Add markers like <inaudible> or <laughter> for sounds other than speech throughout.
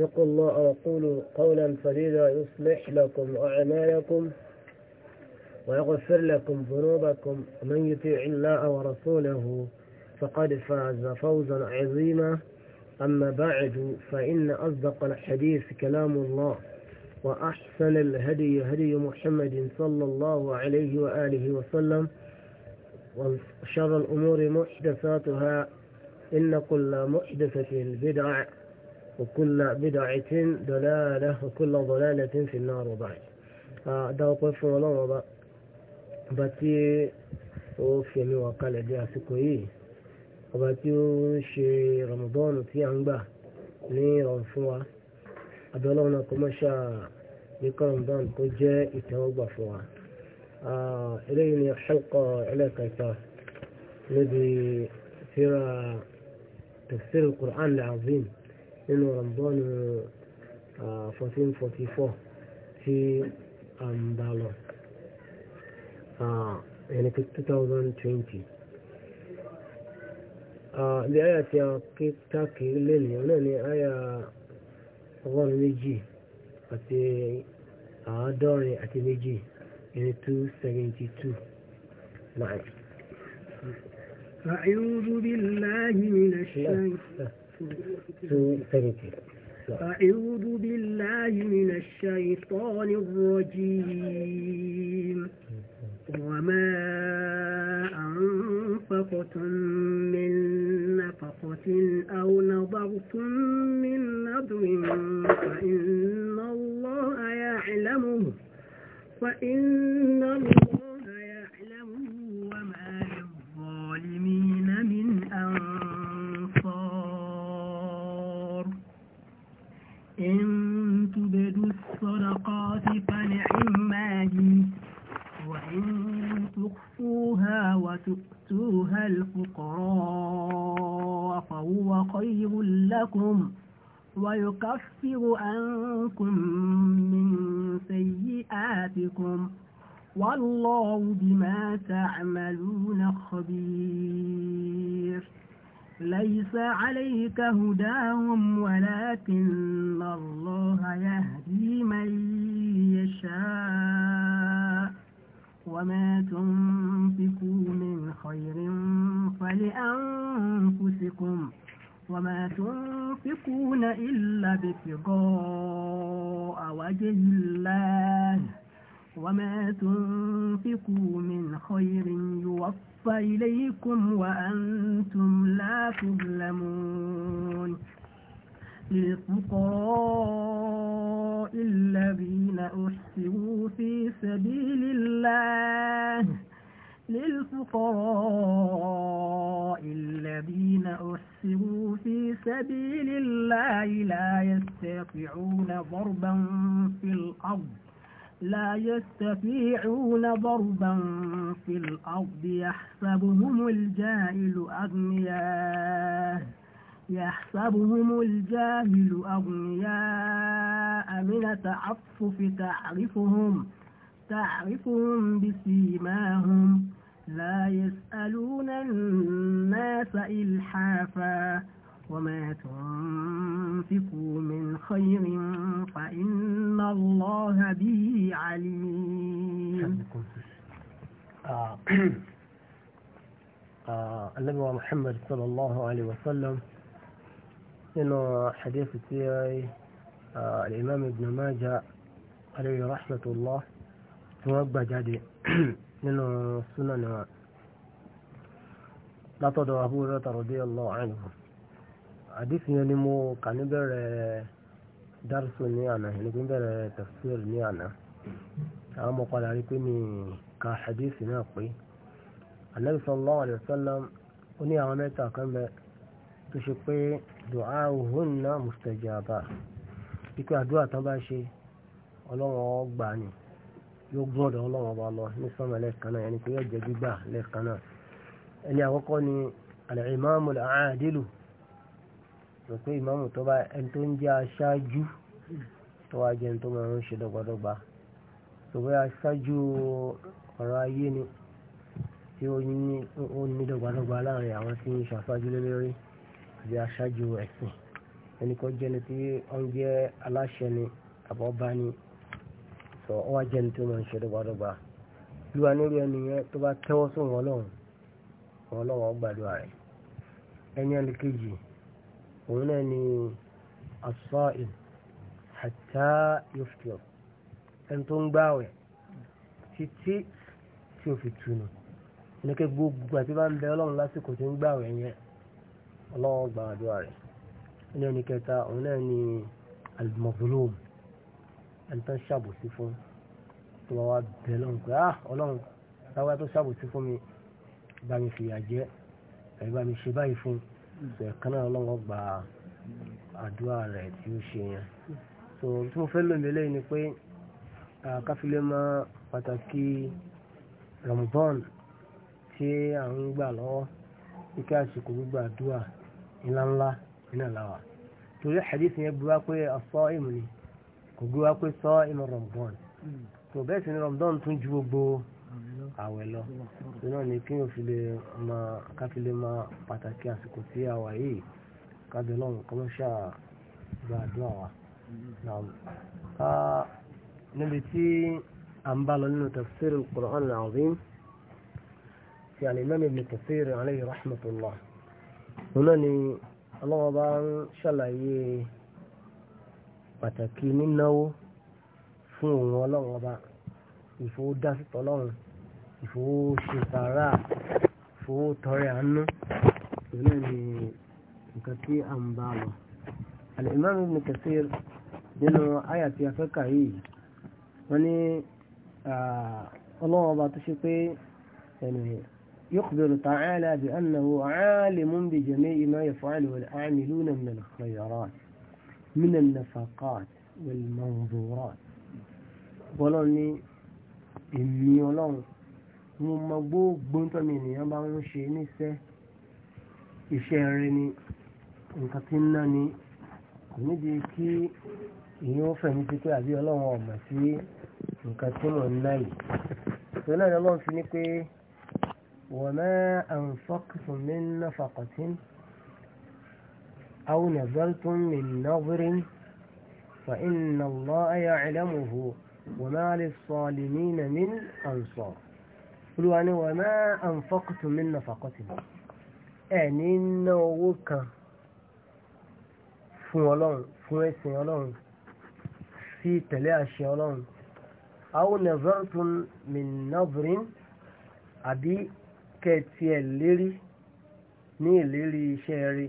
اتقوا الله وقولوا قولا سديدا يصلح لكم أعمالكم ويغفر لكم ذنوبكم ومن يطيع الله ورسوله فقد فاز فوزا عظيما أما بعد فإن أصدق الحديث كلام الله وأحسن الهدي هدي محمد صلى الله عليه وآله وسلم وشر الأمور محدثاتها إن كل محدثة بدعة وكل بدعة دلالة وكل ضلالة في النار وبعد ده وقف ولو باتي وفي من وقال دي أسكوي وباتي شي رمضان تي أنبا ني رنفوا أدولونا كمشا لك رمضان كجا يتوقع فوا إليني حلقة عليك الذي ترى تفسير القرآن العظيم nínú Ramadan uh, fourteen forty four tí a ń bá lọ uh, ẹni pé two thousand twenty. Ilé uh, ayà tí a ké káàkiri lẹ́nu náà ni ayà ọgọ́rùn-ún méjì àti àádọ́rin àti méjì ẹni two seventy two náà. أعوذ بالله من الشيطان أعوذ بالله من الشيطان الرجيم وما أنفقتم من نفقة أو نظرتم من نظر فإن الله يعلمه فإن الله يعلمه وما للظالمين إن تبدوا الصدقات فنعما هي وإن تخفوها وتؤتوها الفقراء فهو خير لكم ويكفر عنكم من سيئاتكم والله بما تعملون خبير ليس عليك هداهم ولكن الله يهدي من يشاء وما تنفقوا من خير فلأنفسكم وما تنفقون إلا بفقاء وجه الله وما تنفقوا من خير يوفى إليكم وأنتم لا تظلمون للفقراء الذين أحسنوا في سبيل الله للفقراء الذين أحسروا في سبيل الله لا يستطيعون ضربا في الأرض لا يستطيعون ضربا في الأرض يحسبهم الجاهل أغنياء يحسبهم الجاهل أغنياء من تعفف تعرفهم تعرفهم بسيماهم لا يسألون الناس إلحافا وما تنفقوا من خير فإن الله به عليم آه، آه، النبي محمد صلى الله عليه وسلم إنه حديث سيري آه، الإمام ابن ماجه عليه رحمة الله توبى جدي <clears throat> إنه سنن لا تدعو أبو رضي الله عنه àdìsí yẹn ni mo kà níbẹ̀rẹ̀ dárúsù ní àná níbẹ̀rẹ̀ tafsir ní àná àwọn ọmọ padà rí pé mi ka àdìsí náà pé anabi sallallahu alayhi wa sallam ó ní àwọn mẹ́ta kan bẹ tó ṣe pé dùá òhun náà mustajaba ikú àdúrà tán bá ṣe ọlọ́wọ́n gbà ni yóò gbọ́dọ̀ ọlọ́wọ́n bá lọ ní sọ́mọ lẹ́ẹ̀kan náà yẹn pé yóò jẹ́ gbígbà lẹ́ẹ̀kan náà ẹni àkọ́kọ́ ni al-imamu al-adilu rò pé ìmáàmù tó bá ẹni tó ń jẹ́ aṣáájú tó wá jẹ́ ẹni tó máa ń ṣe dọ́gbadọ́gba tó bá aṣáájú ọ̀rọ̀ ayé ni tí ó ní dọ́gbadọ́gba láàrin àwọn tí ń ṣàṣáájú lélẹ́rí àbí aṣáájú ẹ̀sìn ẹni kọ́ jẹ́ ẹni tí ó jẹ́ aláṣẹ ni àbọ̀bá ni sọ ọ wá jẹ́ ẹni tó máa ń ṣe dọ́gbadọ́gba lúwa nílé ẹni yẹn tó bá tẹ́wọ́ sóhun ọlọ́run ọlọ́run ọgbàdúrà rẹ̀ ẹni ẹni kejì òun náà ni as-sa'im hatta yuftir ẹni tó ń gbààwẹ̀ títí tí ó fi túnu ẹnikẹ́ gbogbo àti bá ń bẹ ọlọ́run lásìkò tí ń gbààwẹ̀ yẹn ọlọ́run gba àdúrà rẹ̀ ẹni ẹni kẹta òun náà ni al-mazlum ẹni tó ń ṣàbòsí fún tó wá wá bẹ lọ́run pé ah ọlọ́run táwa tó ṣàbòsí fún mi bá mi fìyà jẹ ẹ̀ bá mi ṣe báyìí fún un ìgbẹ̀kan náà ọlọ́wọ́ gba àdúrà rẹ̀ tí ó ṣe yẹn so tí mo fẹ́ lómi lẹ́yìn ni pé káfílẹ̀ mọ́ pàtàkì Ramadan tí à ń gbà lọ́wọ́ kíkẹ́ àsìkò gbígbà àdúrà ńláńlá iná làwà torí hadith yẹn gbé wá pé ọ̀sọ́ ìmù ni kò gbé wá pé sọ ìmù Ramadan tó hmm. bẹ́ẹ̀ sì ni Ramadan tún ju gbogbo àwẹ̀ lọ náà ni kí yóò fi lè máa káfí lè máa pàtàkì àsìkò tí a wà yìí kábẹ̀ lọ́run kọ́mọ́ṣà gba àdúrà wa. níbi tí a ń bá lọ nínú tafsir al-Qur'an al-Azim ti al Ibn Kathir alayhi rahmatullah náà ni ọlọ́wọ́ bá ń ṣàlàyé pàtàkì nínáwó fún òun ọlọ́wọ́ bá ìfowó dásítọ̀ ọlọ́run ìfowó ṣètàrà ìfowó tọrẹ àánú ìlú ni nǹkan tí a ń bá lọ. Al-Imam Ibn Kathir nínú àyà tí a fẹ́ kà yìí wọ́n ní ọlọ́wọ́ ọba tó ṣe pé يخبر تعالى بأنه عالم بجميع ما يفعله العاملون من الخيرات من النفقات والمنظورات ولوني إمي ولون mo mọ gbogbo tó mi ènìyàn bá ń ṣe níṣẹ́ iṣẹ́ rẹ ni nǹkan tí ń ná ni kò nídìí kí ìyẹn ó fẹ̀mí sí pé àbí ọlọ́run ọ̀mọ̀ sí nǹkan tí mò ń ná yìí tó náà ni ọlọ́run fi ní pé wọ́n máa anfaqtum min nafaqatin aw nazartum min nazrin fa inna Allaha ya'lamuhu wa ma lis-zalimin min ansar olúwa ni wà máa anfaqtum min nafaqatin ẹ̀ ní ná owó kan fún ọlọ́run fún ẹ̀sìn ọlọ́run sí tẹ̀lé àṣẹ ọlọ́run aw nazartum min nazrin àbí kẹtì ẹ̀ lérí ní ìlérí iṣẹ́ rí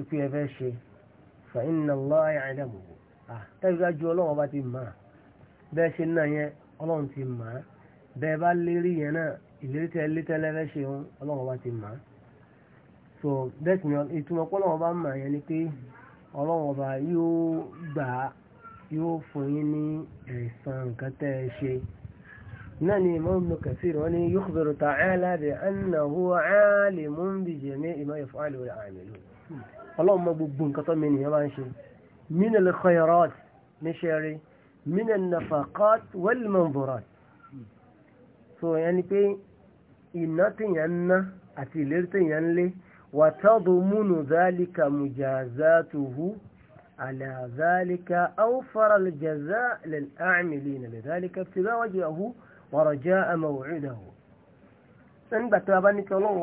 ipò ẹ̀fẹ́ ṣe fa inna Allaha bẹ́ẹ̀ ṣe náà yẹn ọlọ́run ti mọ̀ bẹ́ẹ̀ bá lérí yẹn náà ìlérí tẹ́ lé tẹ́lẹ́ fẹ́ ṣe ń ọlọ́run bá ti mọ̀ á so bẹ́ẹ̀ sì ni ìtumọ̀ pọ́lọ́run bá mọ̀ yẹn ni pé ọlọ́run ọba yóò gbà yóò fún yín ní ẹ̀san nǹkan tẹ́ ẹ ṣe náà ni Imam Ibn Kathir wọn ni yukhbiru ta'ala bi annahu alimun bi jami'i ma yaf'alu wa ya'malu ọlọ́run mọ̀ gbogbo nǹkan tó mi nìyẹn bá ń ṣe min al-khayrat níṣẹ́ rí min an-nafaqat wal-manzurat so yẹn ni pé ìná tèèyàn ń ná àti ìlérí tèèyàn ń lé wàtọ́dù múnú zálíkà mujazatuhu ala zálíkà awfara jaza lil amilina lè zálíkà tìbá wajhahu wa rajaa maw'idahu nígbà tí a bá ní kí ọlọ́run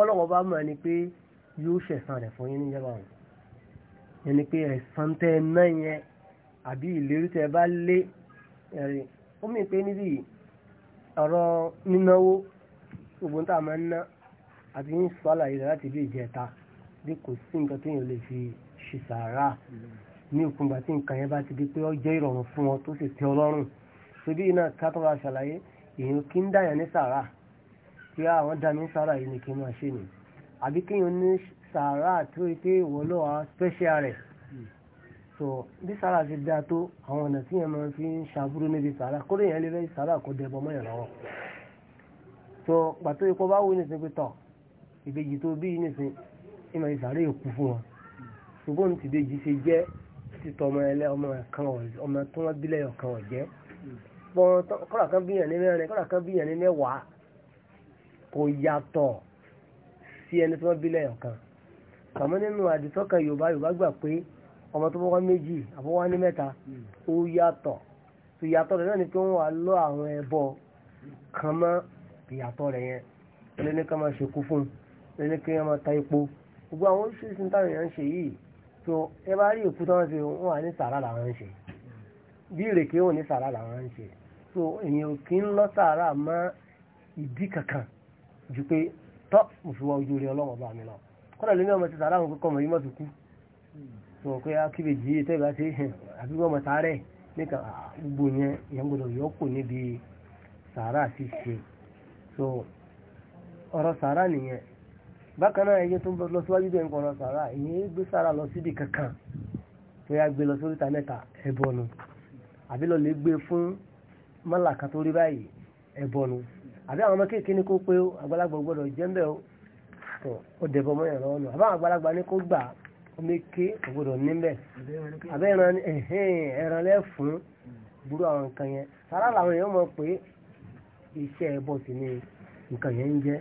ọba mà ẹni pé ẹ̀sán tẹ́ ẹ náà yẹn àbí ìlérí tẹ́ ẹ bá lé ẹ̀rìn ó mì pé níbi ọ̀rọ̀ nínáwó gbogbo tá a máa ń ná àti ń sọ àlàyé rẹ̀ láti bí ìjẹta bí kò sí nǹkan tó yàn lè fi ṣìṣàrà ní òkúngba tí nǹkan yẹn bá ti di pé ó jẹ́ ìrọ̀rùn fún wọn tó sì tẹ́ ọlọ́rùn ṣebí iná kátọ́ra ṣàlàyé èèyàn kí ń dáyàn ní sàrà kí àwọn ah, dá mi yìí ni kí n máa ṣe nìyí àbí kéèyàn ní sàárà tí ó pé ìwọ ló wà special rẹ̀ so bí sàárà ti dáa tó àwọn ọ̀nà tí yẹn máa fi ń ṣàbúrú níbi sàárà kó lè yẹn lè fẹ́ sàárà kó dẹbọ mọ́ yẹn lọ́wọ́ so pàtó ikú bá wù nísìnyí pé tọ̀ ìbejì tó bí nísìnyí ìmọ̀ ìsàárè èkú fún wọn ṣùgbọ́n ti ìbejì ṣe jẹ́ títọ́ ọmọ ẹlẹ́ ọmọ kan ọmọ tó wọ́n bílẹ̀ ọ̀kan ọ̀jẹ́ kọ́ra kan bíyàn ní mẹ́rin kọ́ra kan bíyàn ní mẹ́wàá kò yàtọ̀ sí ẹni tó wọ́n bílẹ̀ ọ̀kan kàmọ́ nínú àdìsọ́kàn yorùbá yorùbá gbà pé ọmọ tó bọ́wọ́ méjì àbọ̀wọ́ ní mẹ́ta ó yàtọ̀ tó yàtọ̀ rẹ̀ náà ni pé wọ́n wà lọ àwọn ẹbọ kan ìyàtọ̀ rẹ̀ yẹn ẹlẹ́ni kan máa ṣekú fún un máa ta epo gbogbo àwọn oríṣiríṣi táwọn èèyàn ń ṣe yìí tó ẹ bá rí òkú táwọn ṣe wọn wà ní sàrà làwọn ń ṣe bí ìrèké wọn ní sàrà làwọn ń ṣe tó èèyàn kì í lọ sàrà mọ́ ìdí kankan ju pé tọ́ mo fi wá ojú rẹ ọlọ́wọ́ bá mi lọ kọ́lá lómi ọmọ ti sàárà àwọn kọ́kọ́ ọmọ yìí mọ́tò kú tó wọ́n pé akíbèjì yìí tẹ́gbà sí àbíkú ọmọ sàárẹ̀ níka gbogbo yẹn yẹn gbọdọ̀ yọkù níbi sàárà ti ṣe so ọ̀rọ̀ sàárà nìyẹn bákan náà ẹyẹ tó lọ síwájú bẹ́ẹ̀ ń kọ́ ọ̀rọ̀ sàárà ìyẹn gbé sàárà lọ síbi kankan tó yá gbé lọ sóríta mẹ́ta ẹ̀bọ̀nù àbí lọ lè gbé fún mọ́là kan tó rí báyìí ẹ̀bọ̀nù àbí àwọn ọmọ kéèké ní kó pé àgbàlagbà gbọdọ̀ jẹ́ ń bẹ́ẹ̀ so ó dẹ̀bọ̀ mọ́ ẹ̀rọ ọ̀nà àbá àgbàlagbà ní kó gbà omeke ògbọ́dọ̀ níbẹ̀ àbẹ́ ìran ẹran lẹ́fún burú àwọn nǹkan yẹn sára làwọn èèyàn mọ̀ pé iṣẹ́ ẹbọ sí ni nǹkan yẹn ń jẹ́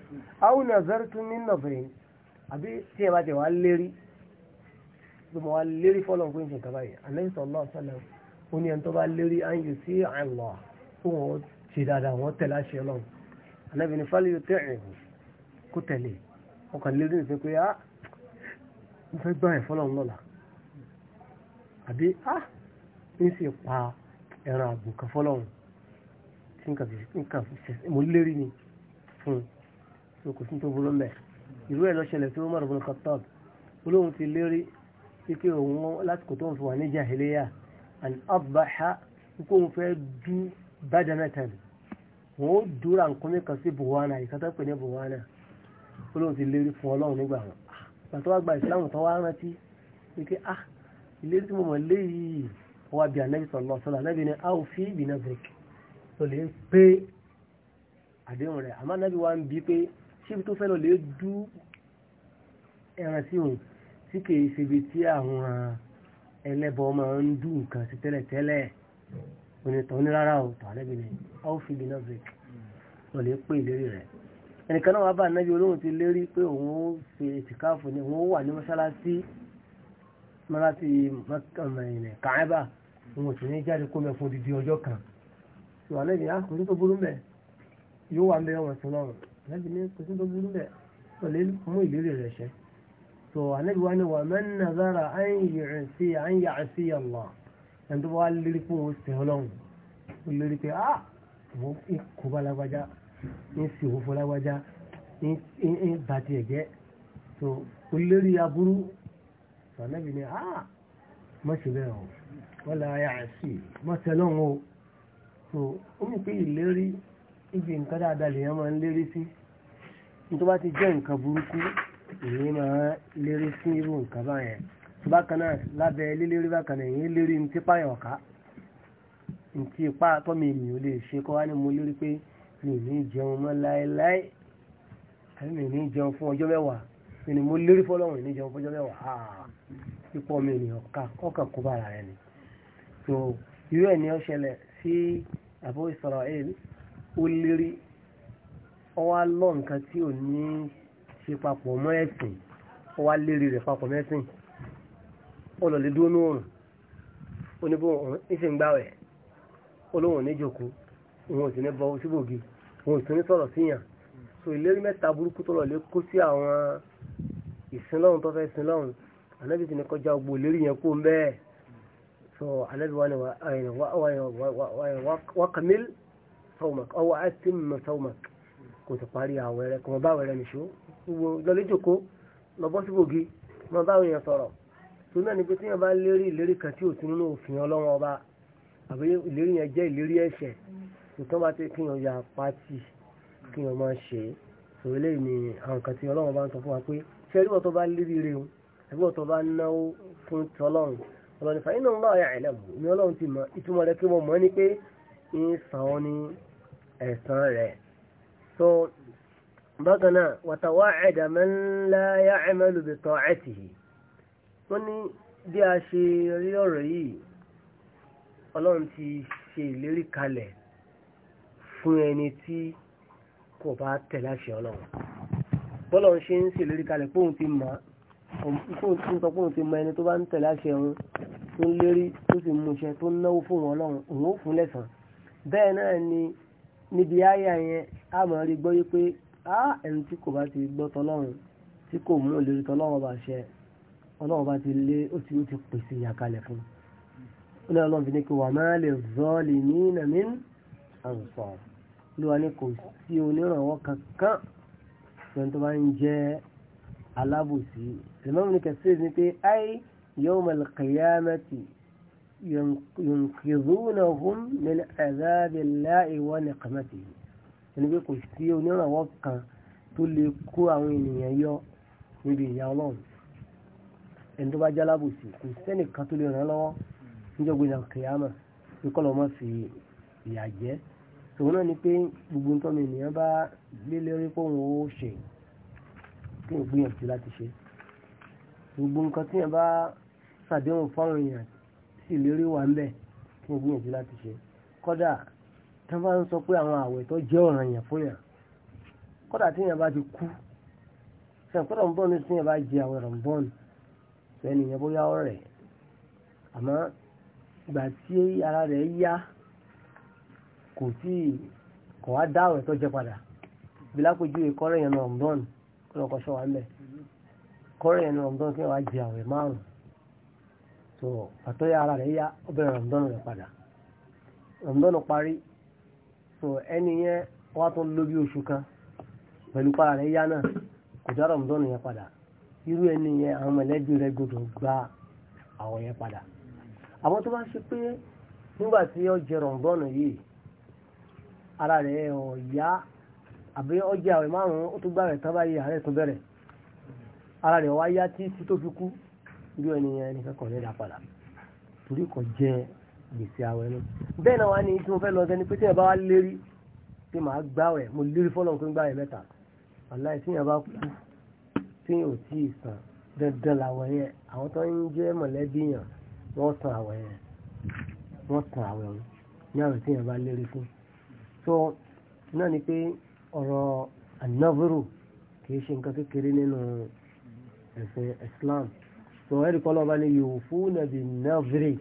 àwọn nàzẹ́rì tún ní nọ̀bẹ̀rẹ̀ àbí tí ẹ bá tẹ̀ wá lérí bí mo wá lérí fọ́lọ́ pé nǹkan kaba yìí àlẹ́ ìsọ̀lọ́ ọ̀sọ́lẹ̀ ó ní ẹni tó bá lérí á ń yù sí àìlọ́ fún wọn ṣe dáadáa wọn tẹ̀lé àṣẹ lọ́wọ́ àlẹ́ bìnrin fálẹ́ yóò tẹ̀ ẹ̀ kó tẹ̀lé ọkàn lérí nìfẹ́ pé ah mo fẹ́ gbá ẹ̀fọ́lọ̀ lọ́la àbí ah ń sì pa ẹran àgbò kan fọ́lọ́run tí nǹkan mo lérí ni fún un kò sí tó burú mẹ́ ìlú ẹ̀ lọ́ṣẹlẹ̀ tí Umar ibn Khattab olóhun ti lérí pípé òun lásìkò tó ń fi wà ní jahiliya an abbaha kó òun fẹ́ dú bádanatan òun dúra nǹkan mẹ́kan sí buwana ìkátà pè ní buwana olóhùn ti lérí fún ọlọ́run nígbà wọn ah, ìgbà tó wá gba ìsìláàmù tán wá rántí wípé ah ìlérí tí mo mọ̀ lé yìí wá bí anábì sallallahu alaihi wasallam anábì ni a ò fi ìbìnà bẹ̀kì tó lè pé àdéhùn rẹ̀ àmọ́ anábì wa ń bi pé ṣébi tó fẹ́ lọ lè dú ẹran sí òun tí kì ṣebi tí àwọn ẹlẹ́bọ máa ń dú nǹkan sí tẹ́lẹ̀tẹ́lẹ̀ onítọ̀ onírárá ò tọ́ anábì ni a ò fi ìbìnà bẹ̀kì tó lè pé ìlérí rẹ̀ ẹnìkan náà wá bá nábì olóhùn ti lérí pé òun ó fi ètìkáàfù ni òun ó wà ní mọ́ṣáláṣí mọ́ṣáláṣí kàábà òun ò sì ní jáde kó mẹ́fún odidi ọjọ́ kan ìwà lẹ́bi á kò sí tó burú bẹ́ẹ̀ yóò wà ń bẹ ọ̀wọ̀n sí lọ́rùn lẹ́bi ní kò sí tó burú bẹ́ẹ̀ pẹ̀lú mú ìlérí rẹ̀ ṣẹ. tó ànábi wá ní wà man nazara an yu'si an ya'si Allah ẹni tó bá wá lérí pé òun sìn ọlọ́run ó lérí pé ah ìkó bá lágbájá ń sì wò fún lágbájá ń bà tiẹ̀ jẹ́ so olórí aburú sànẹ́bì ni a má ṣe bẹ́ẹ̀ o wọ́n la ayà sí má tẹ́lọ̀ o so ó mú pé ìlérí ibi nǹkan dáadáa lèèyàn máa ń lérí sí nítorí bá ti jẹ́ nǹkan burúkú èyí máa lérí sí irú nǹkan báyẹn bákan náà lábẹ́ lílérí bákan náà èyí lérí ní tipa yọ̀ọ̀ká ní tipa tọ́mi ènìyàn lè ṣe kọ́ wá ní mo lérí pé mi ní jẹun mọ́ láéláé àbí mi ní jẹun fún ọjọ́ mẹ́wàá mi ni mo lérí fọlọ́run ní jẹun fún ọjọ́ mẹ́wàá ipò ah, mi ni ọ̀ka ọkàn kó bára rẹ ni so irú ẹ̀ ni ó ṣẹlẹ̀ sí Abu Israel ó lérí ọwá lọ nǹkan tí ò ní ṣe papọ̀ mọ́ ẹ̀sìn ọwá lérí rẹ̀ papọ̀ mẹ́sìn ọlọ́lẹ̀ dúró ní òrùn oníbò ìṣèǹgbà rẹ̀ olóhùn níjòkó wọn ò sì ní bọ síbògì wọn ò sì ní sọ̀rọ̀ síyàn so ìlérí mẹ́ta burúkú tó lọ́ọ́ lé kó sí àwọn ìsinlọ́run tó fẹ́ sinlọ́run ànábì ti ní kọjá gbogbo ìlérí yẹn kó ń bẹ́ẹ̀ so ànábì wà ní wàkàmíl sọ́wọ́mọ̀k ọwọ́ àtìmọ̀ sọ́wọ́mọ̀k kò sì parí àwọn ẹ̀rẹ́ kò mọ̀ bá wẹ̀rẹ̀ nìṣó gbogbo lọ́lẹ́jọ̀kó lọ́bọ́ síbògì mọ̀ bá wẹ̀yẹn sọ̀rọ̀ tó náà ní pé tí yẹn bá lérí ìlérí kan tí ò sí nínú òfin ọlọ́wọ́n ọba àbí ìlérí yẹn jẹ́ ìlérí ẹ̀ṣẹ̀ tó bá ti kíyàn ya pátì kíyàn máa ṣe sòrò lè ní àwọn kan tí ọlọ́run bá ń sọ fún wa pé ṣé ẹgbẹ́ tó bá lérí rẹ̀ ẹgbẹ́ tó bá náwó fún tọlọ́run ọlọ́run fa iná ńlá ọ̀yà ẹ̀lẹ́bù ni ọlọ́run ti mọ ìtumọ̀ rẹ̀ kí wọ́n mọ̀ ní pé ń san ọ́ ní ẹ̀san rẹ̀ so bákan náà wàtàwá ẹ̀dà mẹ́ńlá yá ọlọ́run ti ṣe ìlérí kalẹ̀ fún ẹni tí kò bá tẹ̀lé àṣẹ ọlọ́run bọ́lọ̀ ń ṣe ń ṣèlérí kalẹ̀ pé òun ti mọ̀ òun ti sọ pé òun ti mọ ẹni tó bá ń tẹ̀lé àṣẹ òun tó ń lérí tó sì mú iṣẹ́ tó ń náwó fún ọlọ́run òun ó fún lẹ́sàn bẹ́ẹ̀ náà ni níbi ayé yẹn a mọ̀ rí gbọ́ pé á ẹni tí kò bá ti gbọ́ tọlọ́run tí kò mú òlérí tọlọ́run bá ṣẹ ọlọ́run bá ti lé ó ti ó ti pèsè ìyàkalẹ̀ fún un ó ní ọlọ́run fi ní kí wàá má lè zọ́ọ̀lì ní nàmín àǹsọ̀rọ̀ lówa ní kò sí onírànwọ́ kankan ṣẹ́ni tó bá ń jẹ́ alábòsí ìlẹ́mọ̀mù ní kẹsíìsì ni pé ayé yawm al-qiyamati yunkidhunahum min adhabi Allahi wa niqmatihi ẹni pé kò sí onírànwọ́ kan tó lè kó àwọn ènìyàn yọ níbi ìyà ọlọ́run ẹni tó bá jẹ́ alábòsí kò sẹ́nìkan tó lè ràn án lọ́wọ́ níjọ́gbìn al-qiyama kọ́lọ́ mọ́ fi ìyà sòwò náà ni pé gbogbo nǹkan mi ènìyàn bá lé lérí pé òun ó ṣe kí n gbìyànjú láti ṣe gbogbo nǹkan tí yẹn bá ṣàdéhùn fáwọn èèyàn sì lérí wà ń bẹ̀ kí n gbìyànjú láti ṣe kódà tó bá ń sọ pé àwọn àwẹ̀ tó jẹ́ ọ̀ràn yẹn fún yàn kódà tí yẹn bá ti kú sẹ̀kọ́ rọ̀mbọ́n ní tí yẹn bá jẹ àwẹ̀ rọ̀mbọ́n sẹ́ni yẹn bóyá ọ̀rẹ́ àmọ́ ìgbà tí ara rẹ̀ yá kò tí kò wá dá àwẹ̀ tó jẹ padà bí lápòjú ìkọ́rẹ̀ yẹn wa ń bẹ̀ kọ́rẹ̀ yẹn kí jẹ so àtọ́yà ara rẹ̀ yá ó bẹ̀rẹ̀ rẹ̀ padà Ramadan parí so ẹni yẹn wá tó kan pẹ̀lú para rẹ̀ yá náà kò dá Ramadan yẹn padà irú ẹni yẹn àwọn mọ̀lẹ́bí rẹ̀ gbọdọ̀ gba àwọ̀ yẹn padà àwọn tó bá ṣe pé nígbà ara rẹ̀ ọ̀yá àbí ọjà rẹ̀ márùn-ún ó tó gbà rẹ̀ tán báyìí ààrẹ tó bẹ̀rẹ̀ ara rẹ̀ wá tí tí tó fi kú irú ẹniyàn ẹni kẹ́kọ̀ọ́ ní ìdápadà torí kò jẹ gbèsè àwẹ̀ ni bẹ́ẹ̀ náà wá ní tí mo fẹ́ lọ sẹ́ni pé tí ẹ bá wá lérí pé màá gbàwẹ̀ mo lérí fọ́lọ́n pé ń gbàwẹ̀ mẹ́ta aláì tí yẹn bá kú tí yẹn ò tí ì sàn dandan làwẹ̀ yẹn àwọn tó ń jẹ́ mọ̀lẹ́bí yẹn wọ́n san àwẹ̀ yẹn wọ́n san àwẹ̀ yẹn ní àwẹ̀ tí yẹn bá lérí fún so náà ni pé ọ̀rọ̀ anáfúrú kìí ṣe nǹkan kékeré nínú ẹ̀sìn Islam so ẹ̀rí kọ́ lọ́ba ni yufuna bin nafri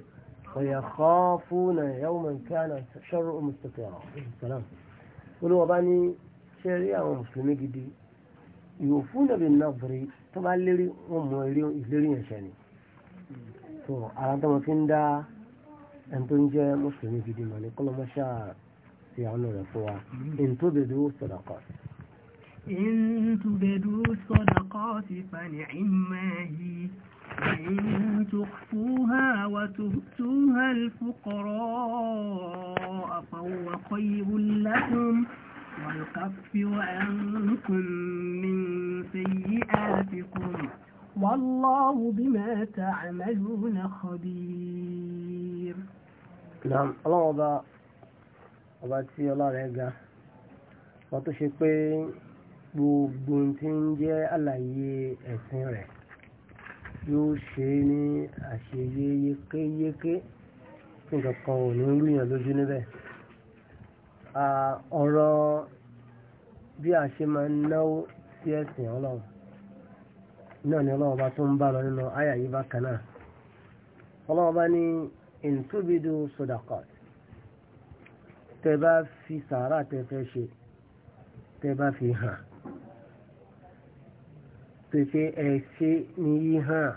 wa yakhafuna yawman kana sharruhu mustatira salam olùwọ́ba ni ṣe rí àwọn bin nafri tó bá lérí wọn mọ ìlérí so ara tó wọn fi ń dá ẹni tó ń jẹ́ mùsùlùmí gidi mọ̀ ní kọ́lọ́mọṣáà. يعني يسوع إن تبدوا صدقات إن تبدوا sọ̀dọ̀kọ̀ فنعم هي وإن تخفوها وتؤتوها الفقراء فهو خير لكم ويكفر عنكم من سيئاتكم والله بما تعملون خبير نعم الله ọba tí ọlá rẹ̀ ga wọ́n tó ṣe pé gbogbo tí ń jẹ́ àlàyé ẹ̀sìn rẹ̀ yóò ṣe ní àṣeyé yékéyéké tí nǹkan kan ò ní rúyàn lójú níbẹ̀ ọ̀rọ̀ bí a ṣe máa ń náwó sí ẹ̀sìn ọlọ́run náà ni ọlọ́run bá tó ń bá lọ nínú àyà bákan náà ọlọ́run bá ní in tubidu sadaqat tẹ bá fi sàárà tẹ fẹ́ ṣe tẹ bá fi hàn tó ṣe ẹ ṣe ní yí hàn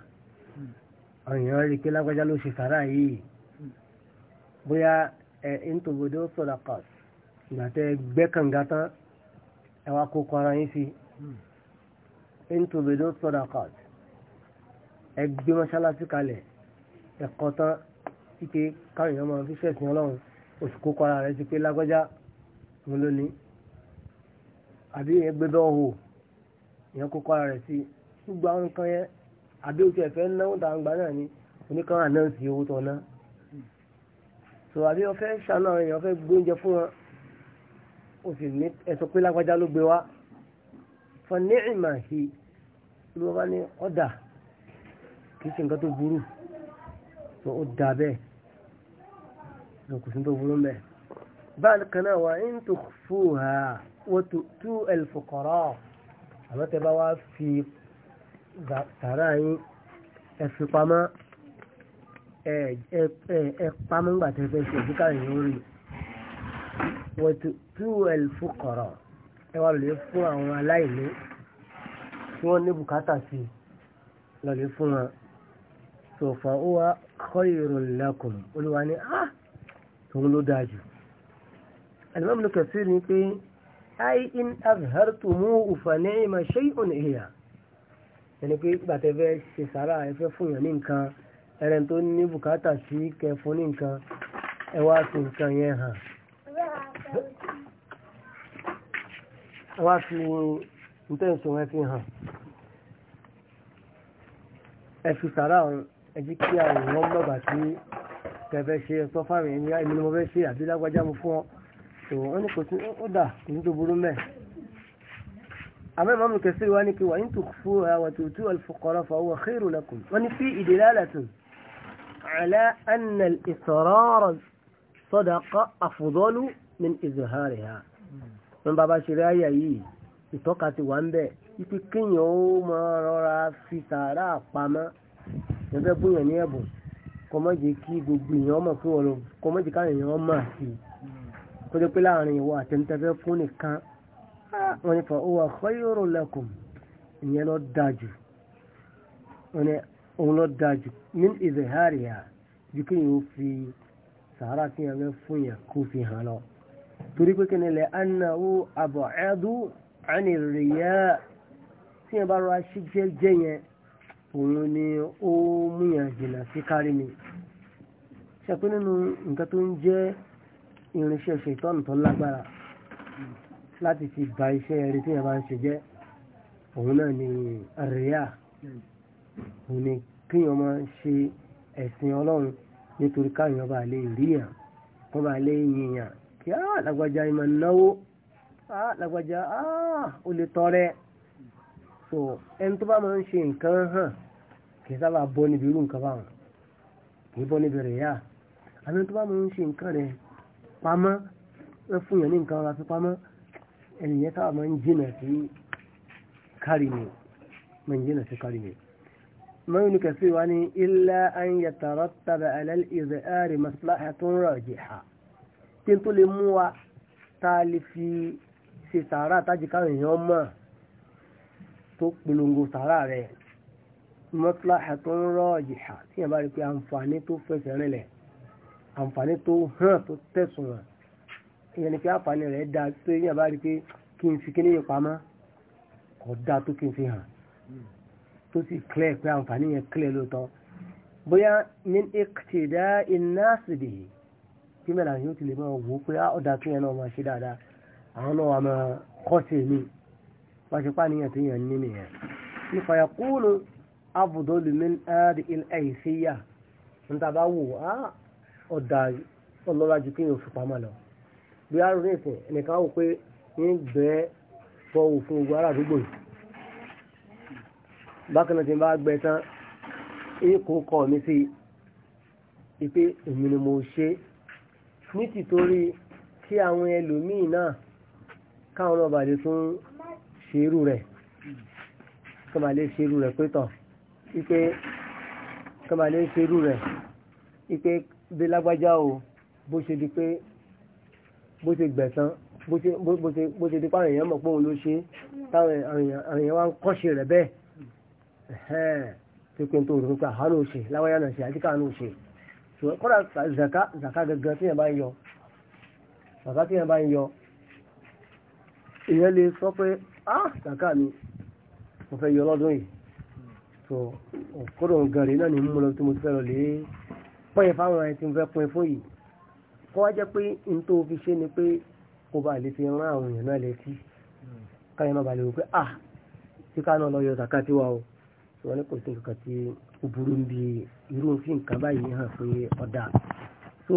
ọ̀yàn rí pé lágbájá ló ṣe sàárà yìí bóyá ẹ ntòbodò sọdọkọs ìgbà tẹ gbẹ́ kànga tán ẹ wá kó kọra yín sí ntòbodò sọdọkọs ẹ gbé mọ́ṣáláṣí kalẹ̀ ẹ̀kọ́ tán ike káwọn èèyàn máa fi ṣẹ̀sìn ọlọ́run oṣù kókó ara rẹ̀ ti pé lágbájá òun ló ní àbí ẹgbẹ́bẹ́ ọ̀hò ìyẹn kókó ara rẹ̀ sí gbogbo àwọn nǹkan yẹn àbí oṣù ẹ̀fẹ́ náwó tàǹgbà náà ni oníkan ànáǹsì owó tó ná so àbí wọ́n fẹ́ ṣàánú àwọn èèyàn fẹ́ gbóúnjẹ fún wọn o sì ní ẹsọ pé lágbájá ló gbé wá fún ní ìmọ̀ sí ló bá ní ọ̀dà kì í ṣe nǹkan tó burú so ó dà bẹ́ẹ̀ kò sí tó burú mẹ́ báyìí kan náà wà in tukhfuha wa tu'tu al-fuqara àmọ́ tẹ bá wá fi sàrà yín ẹ fi pamọ́ ẹ ẹ pamọ́ ńgbà tẹ fẹ́ ṣe ìdíkà yìí ó rí wa tu'tu al-fuqara ẹ wá lè fún àwọn aláìní tí wọ́n ní bùkátà sí lọ lè fún wọn sọ̀fà ó wá khairul lakum olúwa ní ah tòun ló dáa jù alimami ló kẹsí ni pé ai in azhartumu ufane ma shay'un hiya ẹni pé gbàtẹ́ fẹ́ ṣe sàrà ẹ fẹ́ fún yàn ní nǹkan ẹrẹ tó ní bùkátà sí kẹfún ní nǹkan ẹ wá fi nǹkan yẹn hàn wá fi ìtẹ́sùn ẹ fi hàn ẹ fi sàrà ẹ kí àwọn ọmọ bàbà kẹfẹ́ ṣe sọ fáwọn ènìyàn èmi ni mo fẹ́ ṣe àbí lágbájá mo fún ọ tó wọn ní kò sí ó dà kò ní tó burú mẹ́. àmọ́ ìmọ̀mù kẹsí wa ní kí wà ní tòkú àwọn tó tú al-fuqara fa huwa khairun lakum. wọ́n ní fi dilalatun ala anna al-israra sadaqa afdalu min izhariha. wọn bá bá kọmọ́jì kí gbogbo èèyàn mọ̀ fún ọ̀rọ̀ kọmọ́jì káwọn èèyàn mọ̀ sí i kó jẹ́ pé láàrin ìwọ àtẹnutẹ́fẹ́ fún nìkan wọ́n ní fa huwa khayrun lakum ìyẹn lọ dájú òun lọ dájú min izhariha ju kí yóò fi sàárà sí ẹgbẹ́ fún yẹn kó fi hàn lọ torí pé kí ni lẹ́ annahu ab'adu 'ani riya tí yẹn bá rọ aṣíjẹ́jẹ́ yẹn òun ni ó múyàn jìnà sí kárí mi ṣẹpẹ nínú nǹkan tó ń jẹ́ irinṣẹ́ ṣètọ́nù tó lágbára láti fi ba iṣẹ́ eré tí yẹn bá ń ṣe jẹ́ òun náà ni rèéà òun ni kíyàn máa ń ṣe ẹ̀sìn ọlọ́run nítorí káyàn bá lè ríyàn kó bá lè yìnyàn kí á ah, lágbájá ìmọ̀ náwó á ah, lágbájá á ah, ó lè tọrẹ so ẹni tó bá máa ń ṣe nǹkan hàn kì í sábà bọ́ níbi irú nǹkan báwọn kì í bọ́ níbi rẹ̀ yá àmì tó bá máa ń ṣe nǹkan rẹ̀ pamọ́ wọ́n fún yàn ní nǹkan ra fi pamọ́ ẹnìyẹn sábà máa ń jìnà sí kárí mi máa ń jìnà sí kárí mi. mọ́yìn ní kẹsí wa ní illa an yatarattaba ala al-izhari maslahatun rajiha kí n tó lè mú wa tá a lè fi ṣe sàárà tájìká èèyàn mọ́ tó polongo sàárà rẹ̀ maslahatun rajiha tí yẹn bá rí pé àǹfààní tó fẹsẹ̀ rinlẹ̀ àǹfààní tó hàn tó tẹ̀sùn hàn ìyẹn ni pé àǹfààní rẹ̀ da tó yẹn bá rí pé kí n fi kíní yìí pamọ́ kò da tó kí n fi hàn tó sì clear pé àǹfààní yẹn clear lóòótọ́ bóyá min iqtida'in nas bihi kí mẹ́lá yóò ti lè máa wò ó pé ọ̀dà tó yẹn náà máa ṣe dáadáa àwọn náà wà máa kọ́ sí mi. wọ́n ṣe pàníyàn tí yàn nínú yẹn ní fàyàkúnù abùdólùmín ààrẹ àìsíyà níta bá wò á ọ̀dà ọlọ́lá ju kéèyàn fipá máa lọ bí a rí ìsìn ẹnìkan wò pé ní bẹ́ẹ̀ fọ ipe èmi ni mo ṣe ní tìtorí kí àwọn ẹlòmíì náà káwọn ọba lè ṣe irú rẹ̀ kí máa lè ṣe irú rẹ̀ pé tọ̀ wípé kí máa lè ṣe irú rẹ̀ wípé bí lágbájá o bó ṣe di pé bó ṣe gbẹ̀sán bó ṣe di pàrọ̀ èèyàn mọ̀ pé òun ló ṣe táwọn èèyàn wá ń kọ́ṣe rẹ̀ bẹ́ẹ̀ tí pé tó rò pé àhánú ṣe lágbájá náà ṣe àti káàánú ṣe ṣùgbọ́n zaka zaka gangan tí yẹn bá ń yọ zaka tí yẹn bá ń yọ èèyàn lè sọ pé ah kàkà mi mo fẹ́ yọ lọ́dún yìí tó kọ́dọ̀ gàrí náà ni mú lọ tí mo fẹ́ lọ lè pọ́n fáwọn ẹni tí mo fẹ́ pọ́n fún yìí kọ́ wá jẹ́ pé n tó fi ṣe ni pé kó bá lè fi rán àwọn èèyàn náà létí káyọ̀ náà bá lè ah tí ká náà lọ yọ kàkà tiwa o tí wọ́n ní kò sí nǹkan tí ó burú ń bi irú fi nǹkan báyìí hàn pé ọ̀dà tó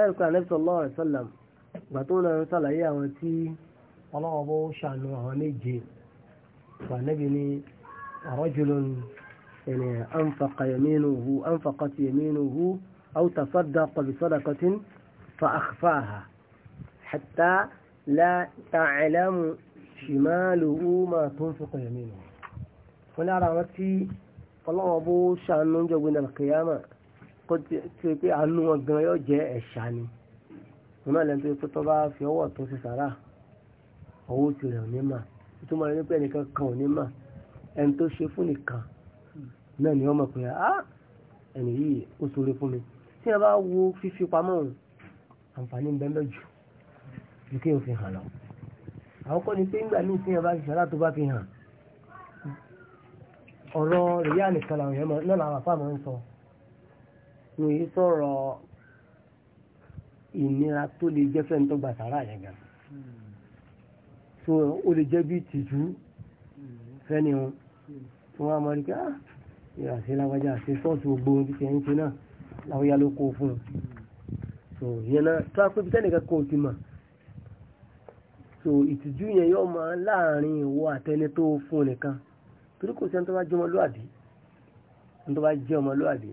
ẹ̀rù kan àlẹ́ sọ lọ́ọ̀rẹ́ sọ́làm gbà tó ń lọ ọlọ́wọ́ bó ṣàánú àwọn méje wà níbi ni rajulun ẹni anfaqa yaminuhu anfaqat yaminuhu aw tasaddaqa bi sadaqatin fa akhfaha hatta la ta'lamu shimaluhu ma tunfiqu yaminuhu wọ́n ní ara wọn tí ọlọ́wọ́ bó ṣàánú jọ̀gbìn alkiyama kó tí pé àánú wọn gan yóò jẹ́ ẹ̀ṣà ni wọn náà ọwọ́ tí rẹ̀ òní mà tó máa rí pé ẹnìkan kan òní mà ẹni tó ṣe fún nìkan náà ni wọ́n pé á ẹni yìí ó sọ̀rọ̀ fún mi tí a bá wo fífi pamọ́ òun àǹfààní ń bẹ́ẹ̀ jù ju kí n fi hàn lọ. àwọn kọ́ni pé ńgbà míì tí a bá ṣiṣẹ́ látó bá fi hàn ọ̀rọ̀ rìyá nìkan làwọn èèyàn náà làwọn àfáà máa ń sọ ní èyí sọ̀rọ̀ ìnira tó lè jẹ́ fẹ́ni tó gbà sàrà yẹn gan so ó lè jẹ́ bí tìjú fẹ́ni wọn tí wọ́n á mọ̀ rí pé ah ìyá àti lágbájá àti sọ́ọ̀tù gbogbo ohun títí ẹ̀yìn ṣe náà láwọn yá ló kó fún un so ìyẹn náà tó a pé bí tẹ́nìkan kan ò ti mọ̀ so ìtìjú yẹn yóò máa láàrin ìwọ àtẹni tó fún nìkan torí kò sí ẹni tó bá jẹ́ ọmọlúwàbí ẹni tó bá jẹ́ ọmọlúwàbí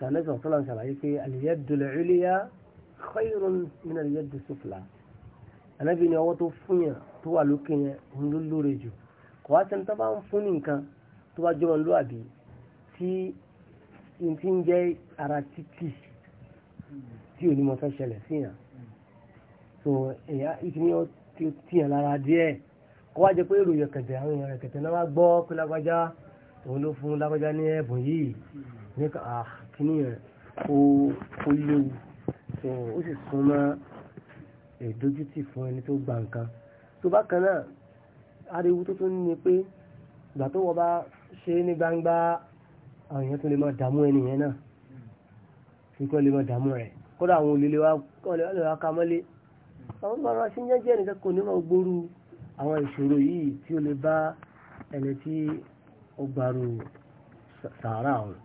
sànẹ́sàn tó lọ́n ṣàlàyé pé al-yaddul ulya khayrun min al-yaddis sufla ànábì ni ọwọ́ tó fún yàn tó wà lókè yẹn òun ló lóore jù kò wá sẹ́ni tó bá ń fún ní nǹkan tó bá jọmọ lóàbí tí n ti ń jẹ́ ara títì tí ò ní mo fẹ́ ṣẹlẹ̀ sí yàn so ẹ̀yà ìkíní tí ó tìyàn lára díẹ̀ kó wá jẹ pé ìròyìn kẹ̀tẹ̀ àwọn èèyàn kẹ̀tẹ̀ náà wá gbọ́ pé lágbájá òun ló fún lágbájá ní ẹ̀bùn yìí ní kíní yẹn ó léwu ó sì súnmọ́ ìdójútì fún ẹni tó gba nǹkan tó bá kan náà ariwo tó tún ní pé ìgbà tó wọ́n bá ṣe ní gbangba àwọn èèyàn tó lè máa dààmú ẹnìyẹn náà kíkọ́ lè máa dààmú rẹ̀ kódà àwọn olè lè wá kamọ́lé àwọn tó bá rọra ṣe ń jẹ́jẹ́ nìkan kò ní máa gbóru àwọn ìṣòro yìí tí ó lè bá ẹni tí ó gbàrú sàárà ọ̀hún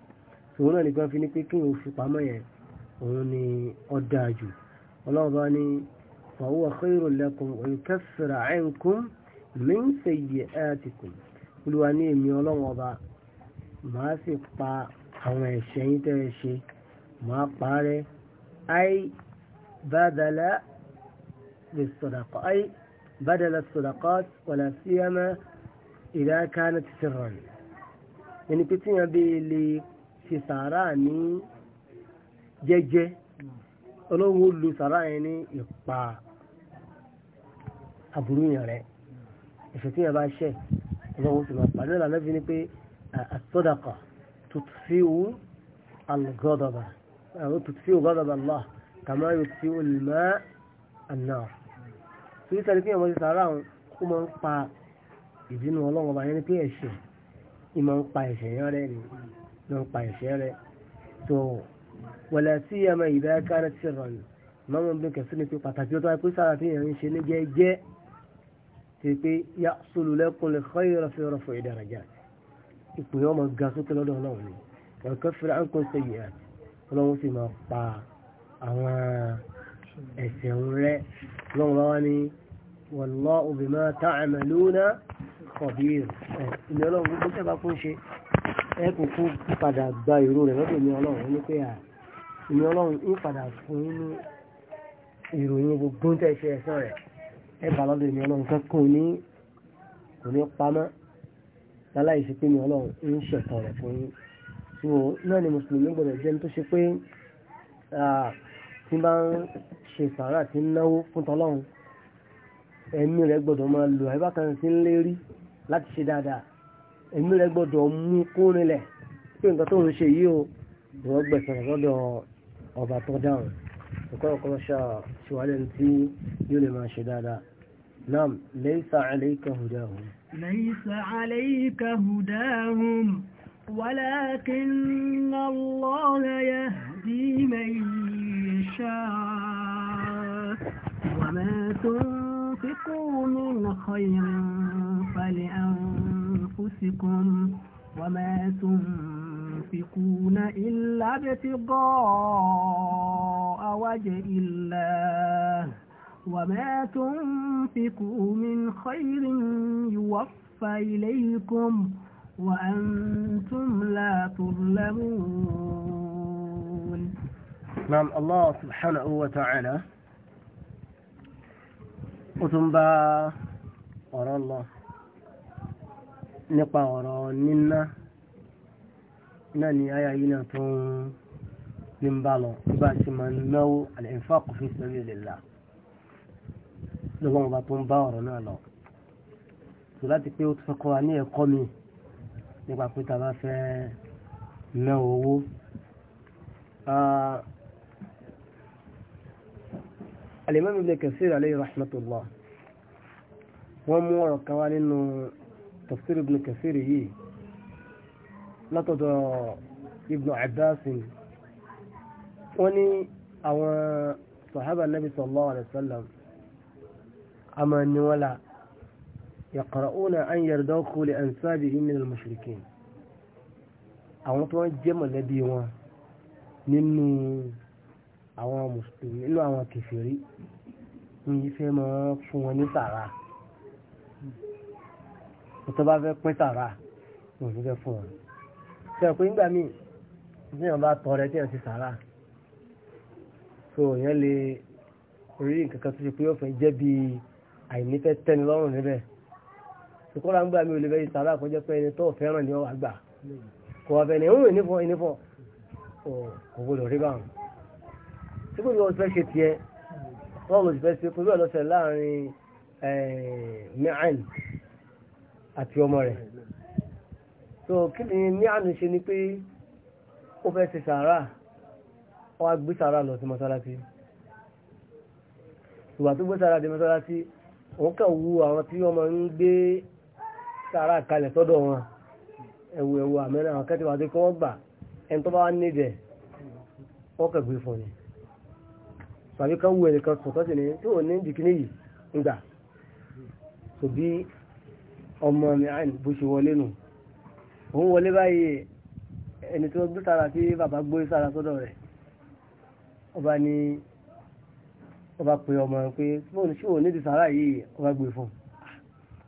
ṣòro náà nìkan fi ní pé kí òun fi yẹn òun ni ó dáa jù ọlọ́run bá ní فهو خير لكم ويكفر عنكم من سيئاتكم Olúwa ní èmi Ọlọ́run ọba màá sì pa àwọn ẹ̀ṣẹ̀ yín tẹ́ ẹ ṣe màá parẹ́ ai badala bisadaqat ai badala sadaqat wala siyama idha kanat sirran ẹni pé tí yẹn bí lè ṣe sàárà ní jẹ́jẹ́ Ọlọ́run ó lu sàárà yẹn ní ìpa aburú yàn rẹ ẹ̀ṣẹ̀ tí yẹn bá ṣẹ̀ ọlọ́wọ́ sì máa pàdé lànà bí ni pé àtọ́dàkọ̀ tutfi'u al-ghadaba àwọn tutfi'u ghadaba Allah kàmá yutfi'u al-ma'a an-nar tó yí sẹ́ni pé ti sàárà àwọn ó máa ń pa ìdínú ọlọ́wọ́ bá yẹn ni pé ẹ̀ṣẹ̀ ìmọ̀ ń pa ẹ̀ṣẹ̀ yẹn rẹ ni ìmọ̀ ń pa ẹ̀ṣẹ̀ rẹ tó wala siyama idha kanat sirran mọ́mọ́ bí kẹsí ni pé pàtàkì ó tó wáyé pé sára tí yẹn ń ṣe ní jẹ́ẹ́jẹ́ tí pé yá solùlẹ́kùn lè kọ́ ìrọ̀ fi rọ̀ fún ìdárajà ipò yọ ọmọ ga sókè lọ́dọ̀ náà ni ẹ̀kọ́ fìrà ń kọ́ sẹ́yìn ẹ̀ ọlọ́run sì máa pa àwọn ẹ̀ṣẹ̀ ń rẹ́ lọ́run bá wá ní wallahu bima ta'maluna khabir ìní ọlọ́run gbogbo tẹ́ kún ṣe ẹ kò kún padà gba ìró rẹ̀ lọ́dọ̀ ìní ọlọ́run ní pé à ìní ọlọ́run ń padà fún inú ìròyìn gbogbo tẹ́ ṣe ẹ̀san rẹ̀ ẹ̀bà lọ́dọ̀ èmi ọlọ́run kankan ní kò ní pamọ́ láláì sí pé mi ọlọ́run ń ṣẹ̀tàn rẹ̀ fún yín náà ni mùsùlùmí gbọ́dọ̀ jẹ́ tó ṣe pé tí bá ń ṣe sàárà tí ń náwó fún tọlọ́run ẹ̀mí rẹ̀ gbọ́dọ̀ máa lò àìbákan sí ń lérí láti ṣe dáadáa ẹ̀mí rẹ̀ gbọ́dọ̀ mú kó rinlẹ̀ pé nǹkan tó ń ṣe yìí o ìwọ́n gbẹ̀sẹ̀ lọ́dọ̀ ọba tó dáhùn. وكان قد شاء سؤال في ما شدادا نعم ليس عليك هداهم ليس عليك هداهم ولكن الله يهدي من يشاء وما تنفقوا من خير فلأنفسكم وما تنفقوا ينفقون إلا ابتغاء وجه الله وما تنفقوا من خير يوفى إليكم وأنتم لا تظلمون نعم الله سبحانه وتعالى وتنبى وراء الله nípa ọ̀rọ̀ náà ni àyà yìí náà tó ń ní bá lọ nígbà tí máa ń náwó al-infaq fi sabilillah lọ́wọ́ ọba tó ń bá ọ̀rọ̀ náà lọ tó láti pé ó ti fẹ́ kọ́ wa ní ẹ̀kọ́ mi nípa pé ta bá fẹ́ ná owó al-imam ibn Kathir alayhi rahmatullah wọ́n mú ọ̀rọ̀ kan wá nínú tafsir ibn Kathir yìí látọ̀dọ̀ ibn abbas wọ́n ní àwọn sahaba nabi sallallahu alaihi wasallam a máa ní wọ́n la yaqra'una an yardahu li ansabihi min al-mushrikin àwọn tó wọ́n jẹ́ mọ̀lẹ́bí wọn nínú àwọn mùsùlùmí nínú àwọn kèfèrí ní fẹ́ máa fún wọn ní sàrà tó bá fẹ́ pín sàrà wọn ní fẹ́ fún wọn ṣe pé nígbà míì tí èèyàn bá tọrẹ tí èèyàn ti so èèyàn lè rí nǹkan kan tó ṣe pé ó fẹ́ jẹ́ bí àìnífẹ́ tẹ́ni lọ́rùn níbẹ̀ ṣùkọ́ra ń gbà mí ò lè fẹ́ sàrà kó jẹ́ pé ẹni tó fẹ́ràn ni ó wà gbà kò wà bẹ́ẹ̀ ni ó rìn nífọ̀ nífọ̀ kò gbọdọ̀ rí báwọn tí kò ní wọ́n fẹ́ ṣe tiẹ̀ wọ́n lọ sí fẹ́ ṣe pẹ̀lú ọ̀lọ́sẹ̀ láàrin mẹ́rin àti ọmọ rẹ̀ so kí ni ní àná ṣe ni pé ó fẹ́ ṣe sàárà ó wá gbé sàárà lọ sí mọ́sálásí ìgbà tó gbé sàárà dé mọ́sálásí òun kàn wu àwọn tí wọ́n máa ń gbé sàárà kalẹ̀ sọ́dọ̀ wọn ẹ̀wù ẹ̀wù àmẹ́rin àwọn kẹ́tì wàá kọ́ gbà ẹni tó bá wá ni tàbí kan wu ẹnìkan sọ̀tọ́ sí ni tí ò ní jìkínní ọmọ mi àìn bó ṣe wọlé nù òun wọlé báyìí ẹni tó gbé sára tí bàbá gbé sára sọ́dọ̀ rẹ̀ ọba ni ọba pè ọmọ pé fóònù ṣòwò nídìí sára yìí ọba gbé fún un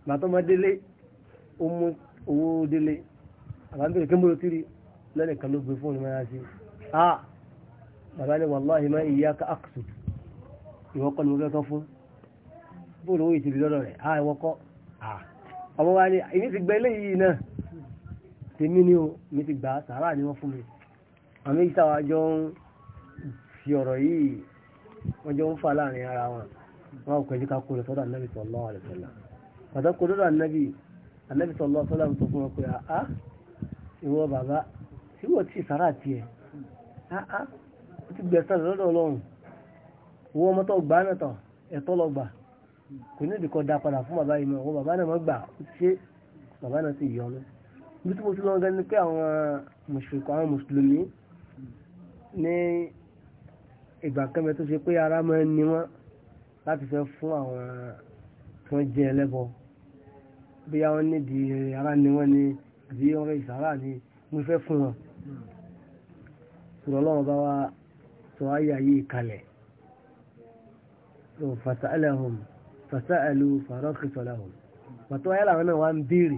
màtọ́mọ délé ó mú owó délé àbábẹ̀rẹ̀ kí mọ́lò tírí lẹ́nìkan ló gbé fóònù mẹ́ra sí à bàbá ní wàláhì má ìyá ká àkùsù ìwọ́kọ́ ni mo fẹ́ kọ́ fún bóòlù owó ìtìrí lọ́dọ̀ rẹ̀ à ìwọ́kọ́ ọmọ wa ni ìní ti gbẹ́ léyìí náà tèmi ni o mi ti gbà sàárà ni wọ́n fún mi àmì ìtawà jọ ń fi ọ̀rọ̀ yìí wọ́n jọ ń fà láàrin ara wọn wọ́n kò jíká kó lọ sọ́dọ̀ anábì sallallahu alaihi wasallam pàtó kó lọ́dọ̀ anábì anábì sallallahu alaihi wasallam tó fún wọn pé àá ìwọ bàbá tí wọ́n ti sàárà tiẹ̀ àá ó ti gbẹ̀sán lọ́dọ̀ ọlọ́run wọ́n ọmọ tó gbà náà tán ẹ̀tọ́ lọ gbà kò ní ìdíkọ̀ dá padà fún bàbá yìí mọ́ bàbá náà mọ́ gbà ó ti ṣe bàbá náà ti yọ ọ́ bí tí mo ti lọ́gán ni pé àwọn mùsùlùmí ní ìgbà kẹ́mẹ́ tó ṣe pé ara máa ń ní wọ́n láti fẹ́ fún àwọn tí wọ́n jẹ́ ẹlẹ́bọ bí àwọn nídìí ara ni wọ́n ni àbí ọ̀rẹ́ ìsàrà ni mo fẹ́ fún wọn sọ̀rọ̀ lọ́wọ́ bá wa sọ ayé ayé kalẹ̀ fasa'alahum fasa'alu farakhisalahum pàtó ayé làwọn náà wá ń béèrè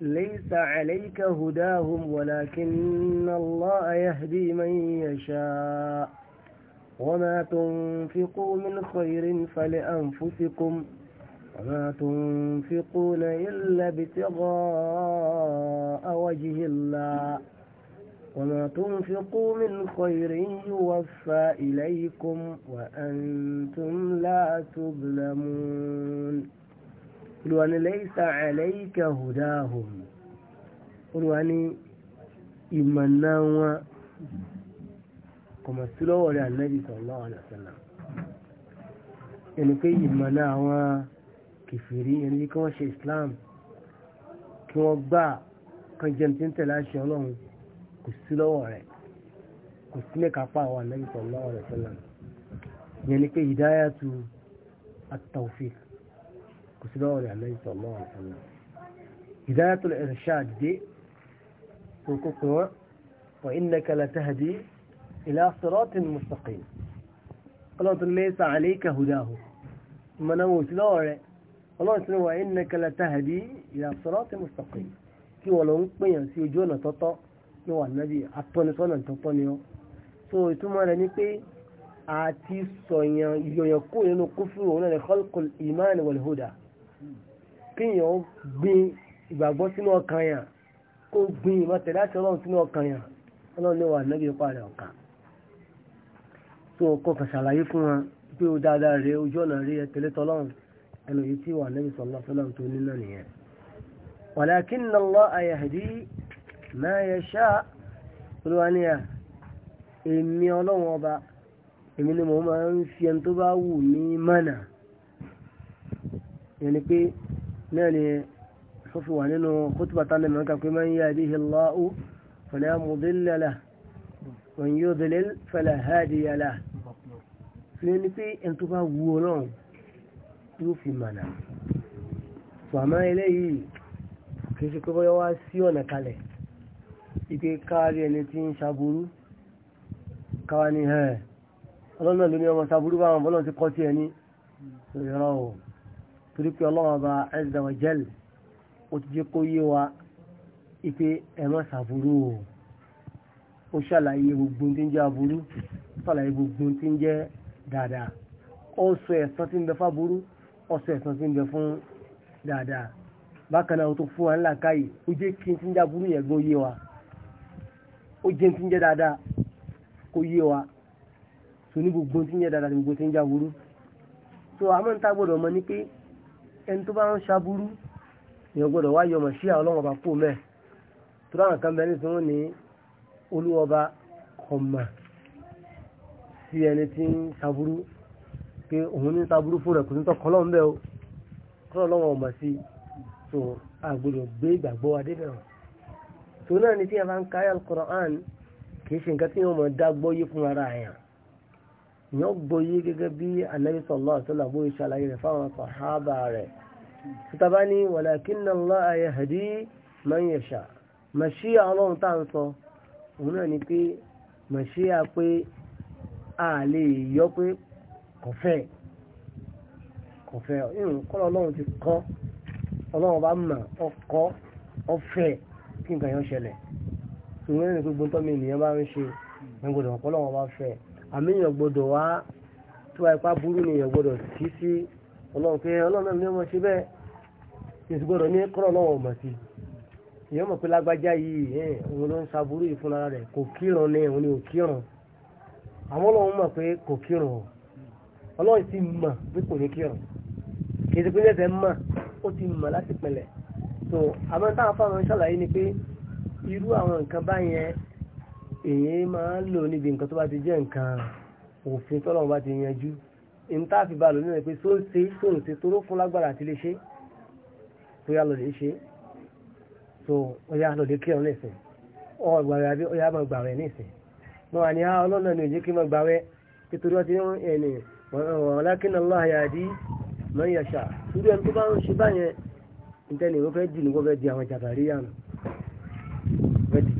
ليس عليك هداهم ولكن الله يهدي من يشاء وما تنفقوا من خير فلأنفسكم وما تنفقون إلا ابتغاء وجه الله وما تنفقوا من خير يوفى إليكم وأنتم لا تظلمون olùwà ní laysa alayka hudahum olùwà ní ìmọ̀nà wọn kọ̀mọ̀ sí lọ́wọ́ rẹ̀ ànábì sallallahu alaihi wasallam ẹni pé ìmọ̀nà àwọn kìfìrí ẹni kí wọ́n ṣe islam kí wọ́n gbà kan jẹun tí ń tẹ̀lé àṣẹ ọlọ́run kò sí lọ́wọ́ rẹ̀ kò sí lè kápá àwọn ànábì sallallahu alaihi wasallam yẹn pé hidayatu at kò sí lọ́wọ́ rẹ̀ àlẹ́yìn sọ̀lọ́ àìsàn hidayatul irshad dé kókó pé wọ́n wa innaka latahdi ila siratin mustaqim ọlọ́tún laysa alayka hudahu mọ̀nà wò sí lọ́wọ́ rẹ̀ ọlọ́run sọ wa innaka latahdi ila siratin mustaqim kí wọ́n lọ ń pèèyàn sí ojú ọ̀nà tọ́tọ́ ní wà nábì atọ́nisọ́nà tọ́tọ́ ni ọ́ so ìtumọ̀ rẹ̀ ni pé àti sọ̀yàn ìyọ̀yàn kó nínú kúfúrú òun náà ni khalqul iman wal huda kíyàn ó gbin ìgbàgbọ́ sínú ọkàn yàn kó gbin ìmọ̀tẹ̀lẹ́ àti ọlọ́run sínú ọkàn yàn ọlọ́run ní wà nẹ́bí parí ọ̀kan tó kọ́ kàn ṣàlàyé fún wọn pé ó dáadáa rèé ojú ọ̀nà rí ẹ tẹ̀lé tọ́lọ́run ẹnu yìí tí wà nẹ́bí sọ̀lọ́ sọ́lọ́run tó ní náà nìyẹn. walakinna Allaha yahdi ma yasha olúwa ní à èmi ọlọ́run ọba èmi ni mo máa ń fi ẹni tó bá wù ní mánà yẹn ni pé náà ni ó fi wà nínú kútùbàtà náà mẹ́ka pé man yahdihillahu fala mudilla lahu wa man yudlil fala hadiya lahu fi yẹn ni pé ẹni tó bá wù ọ náà yóò fi mànà tòhámà eléyìí kì í ṣe pé bóyá sí ọ̀nà kalẹ̀ ike káàrí ẹni tí ń ṣaburú káwa ni ẹ̀ ọlọ́nà ló ọmọ ṣaburú báwọn bọ́lọ̀ ti kọ́ sí ẹni ìrọ̀ o torí pé ọlọ́wọ́ bá azza wa jal ó ti jẹ́ kó yé wa ipe ẹ̀rọ ṣàbúrú o ó ṣàlàyé gbogbo tí ń jẹ́ aburú ṣàlàyé gbogbo tí ń jẹ́ dáadáa ó sọ ẹ̀san tí ń bẹ fáburú ó sọ ẹ̀san tí ń bẹ fún dáadáa bákan náà ó tó fún wa ńlá káyì ó jẹ́ kí n ti ń jẹ́ aburú yẹn gbọ́ yé wa ó jẹ́ tí ń jẹ́ dáadáa kó yé wa tó ní gbogbo tí ń jẹ́ dáadáa ní gbogbo tí ń jẹ́ aburú tó àmọ́ ń tá gbọ́dọ̀ mọ̀ ní pé ẹni tó bá ń ṣaburú èèyàn gbọ́dọ̀ wá yọmọ̀ sí àwọn ọlọ́wọ́ba kú mẹ́ tó dáhùn kan bẹ́ẹ̀ nítorí ní olúwọba kọ̀mà sí ẹni tí ń ṣaburú pé òun ní ṣaburú fún rẹ̀ kò ní tọkọ o kọ́lọ́ ọmọ sí so àgbọ́dọ̀ gbé ìgbàgbọ́ adébẹ̀rọ̀ tó náà ni Al-Qur'an kì í ṣe nǹkan tí wọ́n èèyàn gbọ́yé gẹ́gẹ́ bí Ànábì sallallahu alaihi wasallam bóyá ṣàlàyé rẹ̀ fáwọn sàhábà rẹ̀ títàbá ní walakinna Allaha yahdi man yasha màṣí ọlọ́run tá à ń sọ òun náà ni pé màṣí à pé a lè yọ pé kọ̀fẹ́ kọ̀fẹ́ ìrùn kọ́lọ́ ọlọ́run ti kọ́ ọlọ́run bá mà ọkọ́ ọfẹ́ kí nǹkan yẹn ṣẹlẹ̀ ìwé ní gbogbo tọ́mi ènìyàn bá ń ṣe gbogbo ọ̀pọ̀lọ́wọ́ bá fẹ́ àmì èèyàn gbọdọ̀ wá tó wá ipá burú ni èèyàn gbọdọ̀ sí sí ọlọ́run pé ọlọ́run náà ní ọmọ ṣe bẹ́ẹ̀ èsì gbọdọ̀ ní kọ́rọ̀ náà ọmọ sí èèyàn mọ̀ pé lágbájá yìí ẹ̀ òun ló ń sa burú yìí fúnra rẹ̀ kò kírun ni òun ni ò kírun àwọn ọlọ́run mọ̀ pé kò kírun o ọlọ́run ti mọ̀ pé kò ní kírun kì í ṣe pé lẹ́sẹ̀ mọ̀ ó ti mọ̀ láti pẹ̀lẹ̀ so àmọ́ táwọn fáwọn ṣàlàyé ni pé irú àwọn nǹkan báyẹn èyí máa ń lò níbi nǹkan tó bá ti jẹ́ nǹkan òfin tọ́lọ́run bá ti yanjú níta fi bá lò nínú ẹ̀ pé tó ń ṣe tó ń ṣe toró fún lágbára àti lè ṣe tó yá lọ lè ṣe tó ọyá lọ lè kírun nísìn ọgbà rẹ̀ àbí ọyá máa gbà rẹ̀ nísìn mo wà ní á ah, ọlọ́nà ni òjì kí máa gbà rẹ̀ nítorí ọtí ẹni walakin Allah yahdi man yasha torí ẹni tó bá ń ṣe báyẹn nítẹ́ni ó fẹ́ dì ní kó fẹ́ di àwọn jàbárí yànnà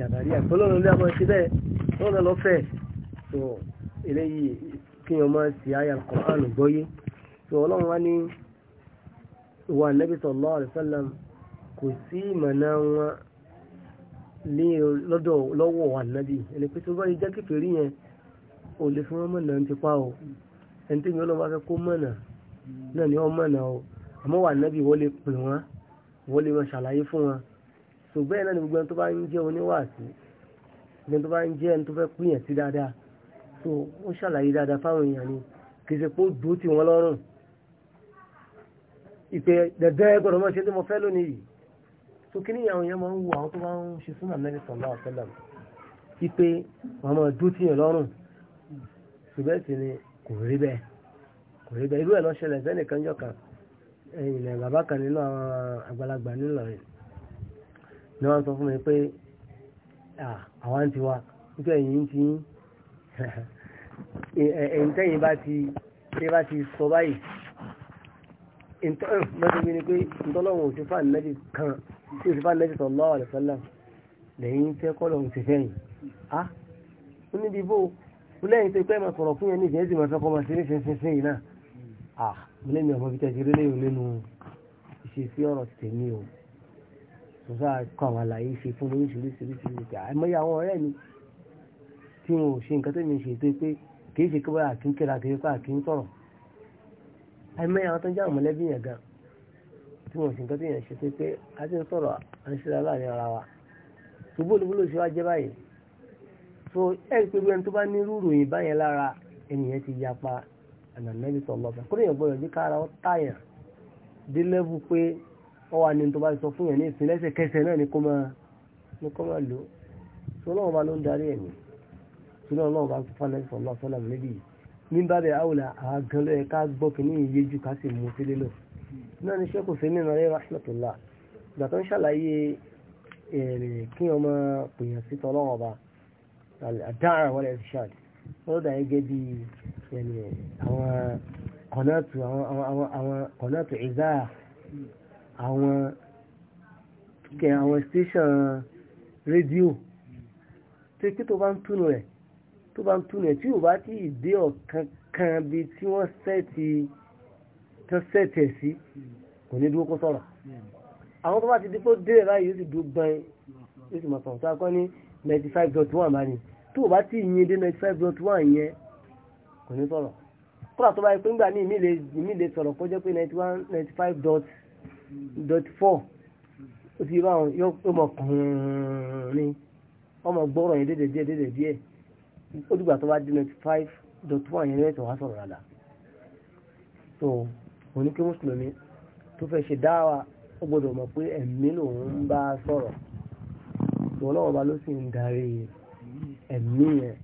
jàbárí àgbọ́lọ́run ní àmọ́ ṣe bẹ́ẹ̀ lọ́nà lọ́fẹ̀ so, eléyìí kí ọmọ sí àyà Qur'an gbọ́yé tó ọlọ́run wá ní ìwà Nabi sallallahu alaihi wasallam kò sí ìmọ̀nà wọn ní lọ́dọ̀ lọ́wọ́ ànábì ẹni pé tó bá yẹ jẹ́ kékeré yẹn ò lè fún wọn mọ̀nà ti pa o ẹni tí mi ọlọ́run bá fẹ́ kó mọ̀nà náà ni ọ mọ̀nà o àmọ́ wà ànábì wọ́n lè pè wọ́n wọ́n lè máa ṣàlàyé fún wọn ṣùgbọ́n ẹ̀ náà ni gbogbo ẹni tó bá ń jẹ́ oníwàásí ẹni tó bá ń jẹ́ ẹni tó fẹ́ pín yẹn sí dáadáa so ó ṣàlàyé dáadáa fáwọn èèyàn ni kì í ṣe pé ó dúró tì wọ́n lọ́rùn ìpè dẹ̀dẹ́ gbọ́dọ̀ mọ́ ṣe tí mo fẹ́ lónìí yìí so kí ni àwọn èèyàn máa ń wo àwọn tó bá ń ṣe súnà Nábì sallallahu alaihi wasallam ìpè wọn máa dúró tì yẹn lọ́rùn ṣùgbọ́n sì ni kò rí bẹ́ẹ̀ kò rí bẹ́ẹ̀ irú ni wọ́n sọ fún mi pé àwọn ń ti wa <laughs> nítorí ẹ̀yìn ti ẹ̀yìn tẹ́yìn bá ti ṣe bá ti sọ báyìí mẹ́tọ́bí ni pé ìtọ́lọ́wọ̀n òṣìfà nẹ́bì kan tí òṣìfà nẹ́bì sallallahu alaihi wasallam lẹ́yìn tẹ́ kọ́lọ̀hún ti fẹ́yìn á ó níbi bó lẹ́yìn tó pẹ́ máa sọ̀rọ̀ fún yẹn ní ìjẹ́sì máa sọ́kọ́ máa ṣeré ṣinṣin yìí náà à mo lẹ́mi ọmọ bíi sọ́sá kọ́ àwọn àlàyé ṣe fún oríṣiríṣiríṣi ìgbà àìmọye àwọn ọ̀rẹ́ mi tí wọn ò ṣe nǹkan tó mi ṣe tó pé kìí ṣe kébọ́ àkín kìí pa àkín sọ̀rọ̀ àìmọye àwọn tó ń jẹ́ àwọn mọ̀lẹ́bí yẹn gan tí wọn ò ṣe nǹkan tó yẹn ṣe tó pé a ti ń sọ̀rọ̀ à ń ṣera láàrin ara wa ṣùgbọ́n olúbúlò ṣe wá jẹ́ báyìí tó bá ní rúurú wọ́n wà ní tó bá sọ fún yẹn ní ìsìn lẹ́sẹ̀kẹsẹ̀ náà ní kó máa lò sọlọ́wọ́n bá ló ń darí ẹ̀mí sọlọ́wọ́n bá fọ́nà ìfọ̀lọ́ sọ́nà níbi nígbà bẹ́ẹ̀ àwòlà àgán ló yẹ ká gbọ́ kí ní ìyẹ́jú ká sì mú sílé lò náà ní sẹ́kù sí àwọn kẹ àwọn station rédíò tó kí tó bá ń túnu rẹ̀ tó bá ń túnu rẹ̀ tí ò bá tí ì dé ọ̀kan kan bí tí wọ́n sẹ́ẹ̀tì tán sẹ́ẹ̀tì ẹ̀ sí kò ní dúró kó sọ̀rọ̀ àwọn tó bá ti dípò dé ẹ̀ báyìí yóò sì dúró gbọ́n yóò sì mọ̀ sọ̀rọ̀ tó ní ninety five dot one bá ní tó o bá tí ì yin dé ninety five dot one yẹn kò ní sọ̀rọ̀ kúrò àtọ́ba ẹ pé ńgbà ní ìmí lè sọ̀rọ̀ kó jẹ́ pé ninety one ninety five dot one dot four ó ti bá àwọn yóò mọ kùn-ún ni ọmọ gbọ́rọ̀ yẹn dédé díẹ̀ dédé díẹ̀ ó dìgbà tó bá dé ninety five dot one yẹn lẹ́tọ̀ wá sọ̀rọ̀ rárá so oníkí mùsùlùmí tó fẹ́ ṣe dáwà ó gbọ́dọ̀ mọ̀ pé ẹ̀mí lòun ń bá sọ̀rọ̀ tó ọlọ́wọ́ bá ló sì ń darí ẹ̀mí yẹn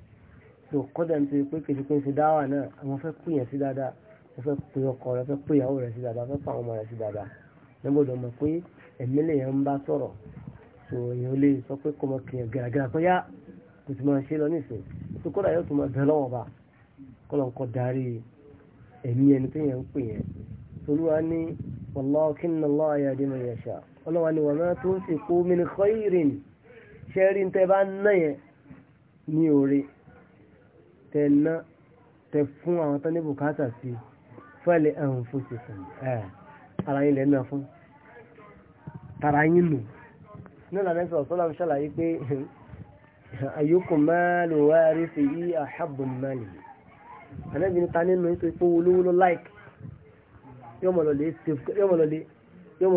tó kọ́dà ń tẹ́ pé kejì pé ń ṣe dáwà náà àwọn fẹ́ pè yẹn sí dáadáa wọ́n fẹ́ pè ọkọ rẹ̀ fẹ́ pè ìyàwó rẹ̀ sí dáadáa fẹ́ pè àwọn ọmọ rẹ̀ sí dáadáa yẹn gbọ́dọ̀ mọ̀ pé ẹ̀mí lèèyàn ń bá sọ̀rọ̀ tó èèyàn lè sọ pé kọ́mọ kìyàn gàràgàrà pé yá kò sì máa ṣe lọ nísìnyí tó kọ́dà yóò tún máa bẹ̀ lọ́wọ́ bá kọ́lọ̀ ń kọ́ darí ẹ̀mí ẹni tó yẹn ń pè yẹn tolúwa ní wàláwọ́kínà láàyà dínà yẹ̀ṣà ọlọ́wà ni wà máa tó ń fi kó mi ní kọ́ìrìn ṣẹ́rí tẹ bá ná yẹn ní orí tẹ ná tẹ fún àwọn tó ní bùkátà sí fẹ́lẹ̀ ẹ̀hùn fún ṣe fún ẹ̀ ara yín lẹ́nà fún tara yín nù náà lànà sọ̀rọ̀ sọ́lá ń ṣàlàyé pé ayyukum malu warithihi ahabbu mali ànábìnrin ta nínú ètò ìpówó olówó ló láìk yóò mọ̀ lọ́lẹ̀ safe yóò mọ̀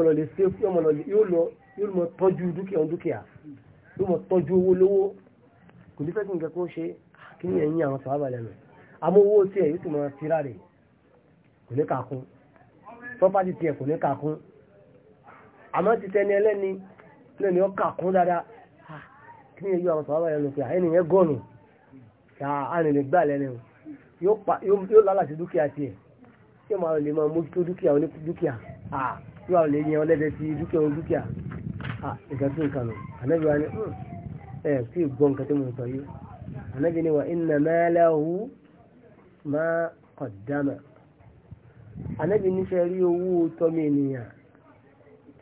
lọ́lẹ̀ yóò mọ̀ tọ́jú dúkìá dúkìá yóò mọ̀ tọ́jú owó lówó kò ní fẹ́ kí nǹkan kan ṣe kí ní ẹ̀yìn àwọn sọ̀rọ̀ àbàlẹ̀ nù àmọ́ owó tí ẹ̀ yóò tún mọ̀ síra rẹ̀ kò ní kàkún property tiẹ̀ kò ní kàkún àmọ́ ti tẹni ẹlẹ́ni náà ni ó kàkún dáadáa kí ni yóò àwọn sọ̀rọ̀ ẹ̀rọ pé ẹni yẹn gọ́ọ̀nù àrìnlẹ̀ gbà lẹ́nu yóò lálàsí dúkìá tiẹ̀ yóò máa lè máa mójútó dúkìá oní dúkìá yóò máa lè yan ọlẹ́dẹ sí dúkìá oní dúkìá nǹkan tó nǹkan nù ànábi wa ni hmm, ẹ kí gbọ́ nǹkan tó mọ̀ sọ yìí ànábi ni wa inna malahu ma qaddama ànábì níṣẹ́ rí owó tọ́mí ènìyàn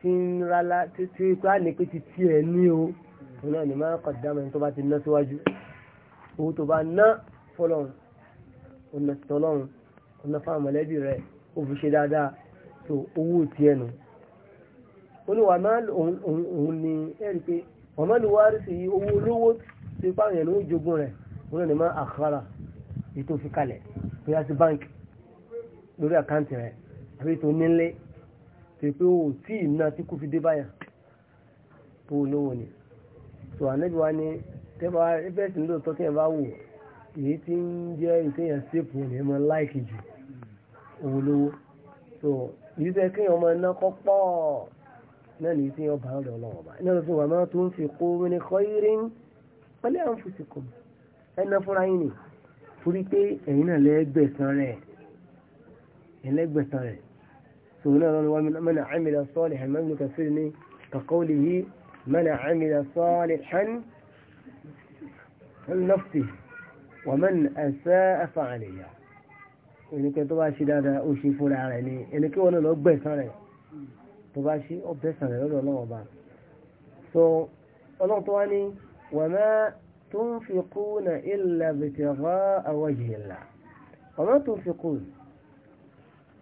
tí ń rálá títí ká ní pé títí ẹ̀ ní o òun náà ní máa ń kọ̀ dámọ̀ tó bá ti ná síwájú owó tó bá ná fọlọ́run ọ̀nà tọ́lọ́run ọ̀nà fáwọn mọ̀lẹ́bí rẹ̀ ó fi ṣe dáadáa tó owó tiẹ̀ nù ó ní wà máa òun ní ẹ̀rí pé ọ̀mọ́ ni wá rí sí owó olówó tí pààyàn ló jogun rẹ̀ òun náà máa àkàrà ètò fi kalẹ̀ bóyá sí báńkì lórí àkáǹtì rẹ̀ àbí tó nílé tó pé ó tí ìná tí kú fi dé báyà tó olówó ni tó ànábì wa ni tẹ́bà ẹgbẹ́sì ń lóòótọ́ tí ẹ bá wò èyí tí ń jẹ́ ìtẹ́yàn sèpù ní ẹmọ láìkì jù owó lówó tó èyí tẹ́ kéèyàn ọmọ iná kọ́ pọ̀ náà ní tí wọ́n bá ọ̀dọ̀ ọlọ́wọ́ bá iná lọ́sùn wà máa tó ń fi kó ní kọ́ irin pẹ́lẹ́ àwọn fòsìkò ẹ̀nà fúnra yìí ni torí pé ẹ̀yin náà lẹ́gbẹ̀ẹ́sán rẹ̀ ẹlẹ́gbẹ̀tàn rẹ̀ sòrò náà lọ́nà wọn mẹ́nà àmìlà salihan mẹ́rin kẹfì ní kàkọ́ọ̀lì yìí mẹ́nà àmìlà salihan nafsi wà mẹ́nà ẹ̀sẹ́ ẹ̀fà àlèyà ẹnikẹ́ tó bá ṣe dáadáa ó ṣe fúnra rẹ̀ ni ẹnikẹ́ wọn náà lọ gbẹ̀sán rẹ̀ tó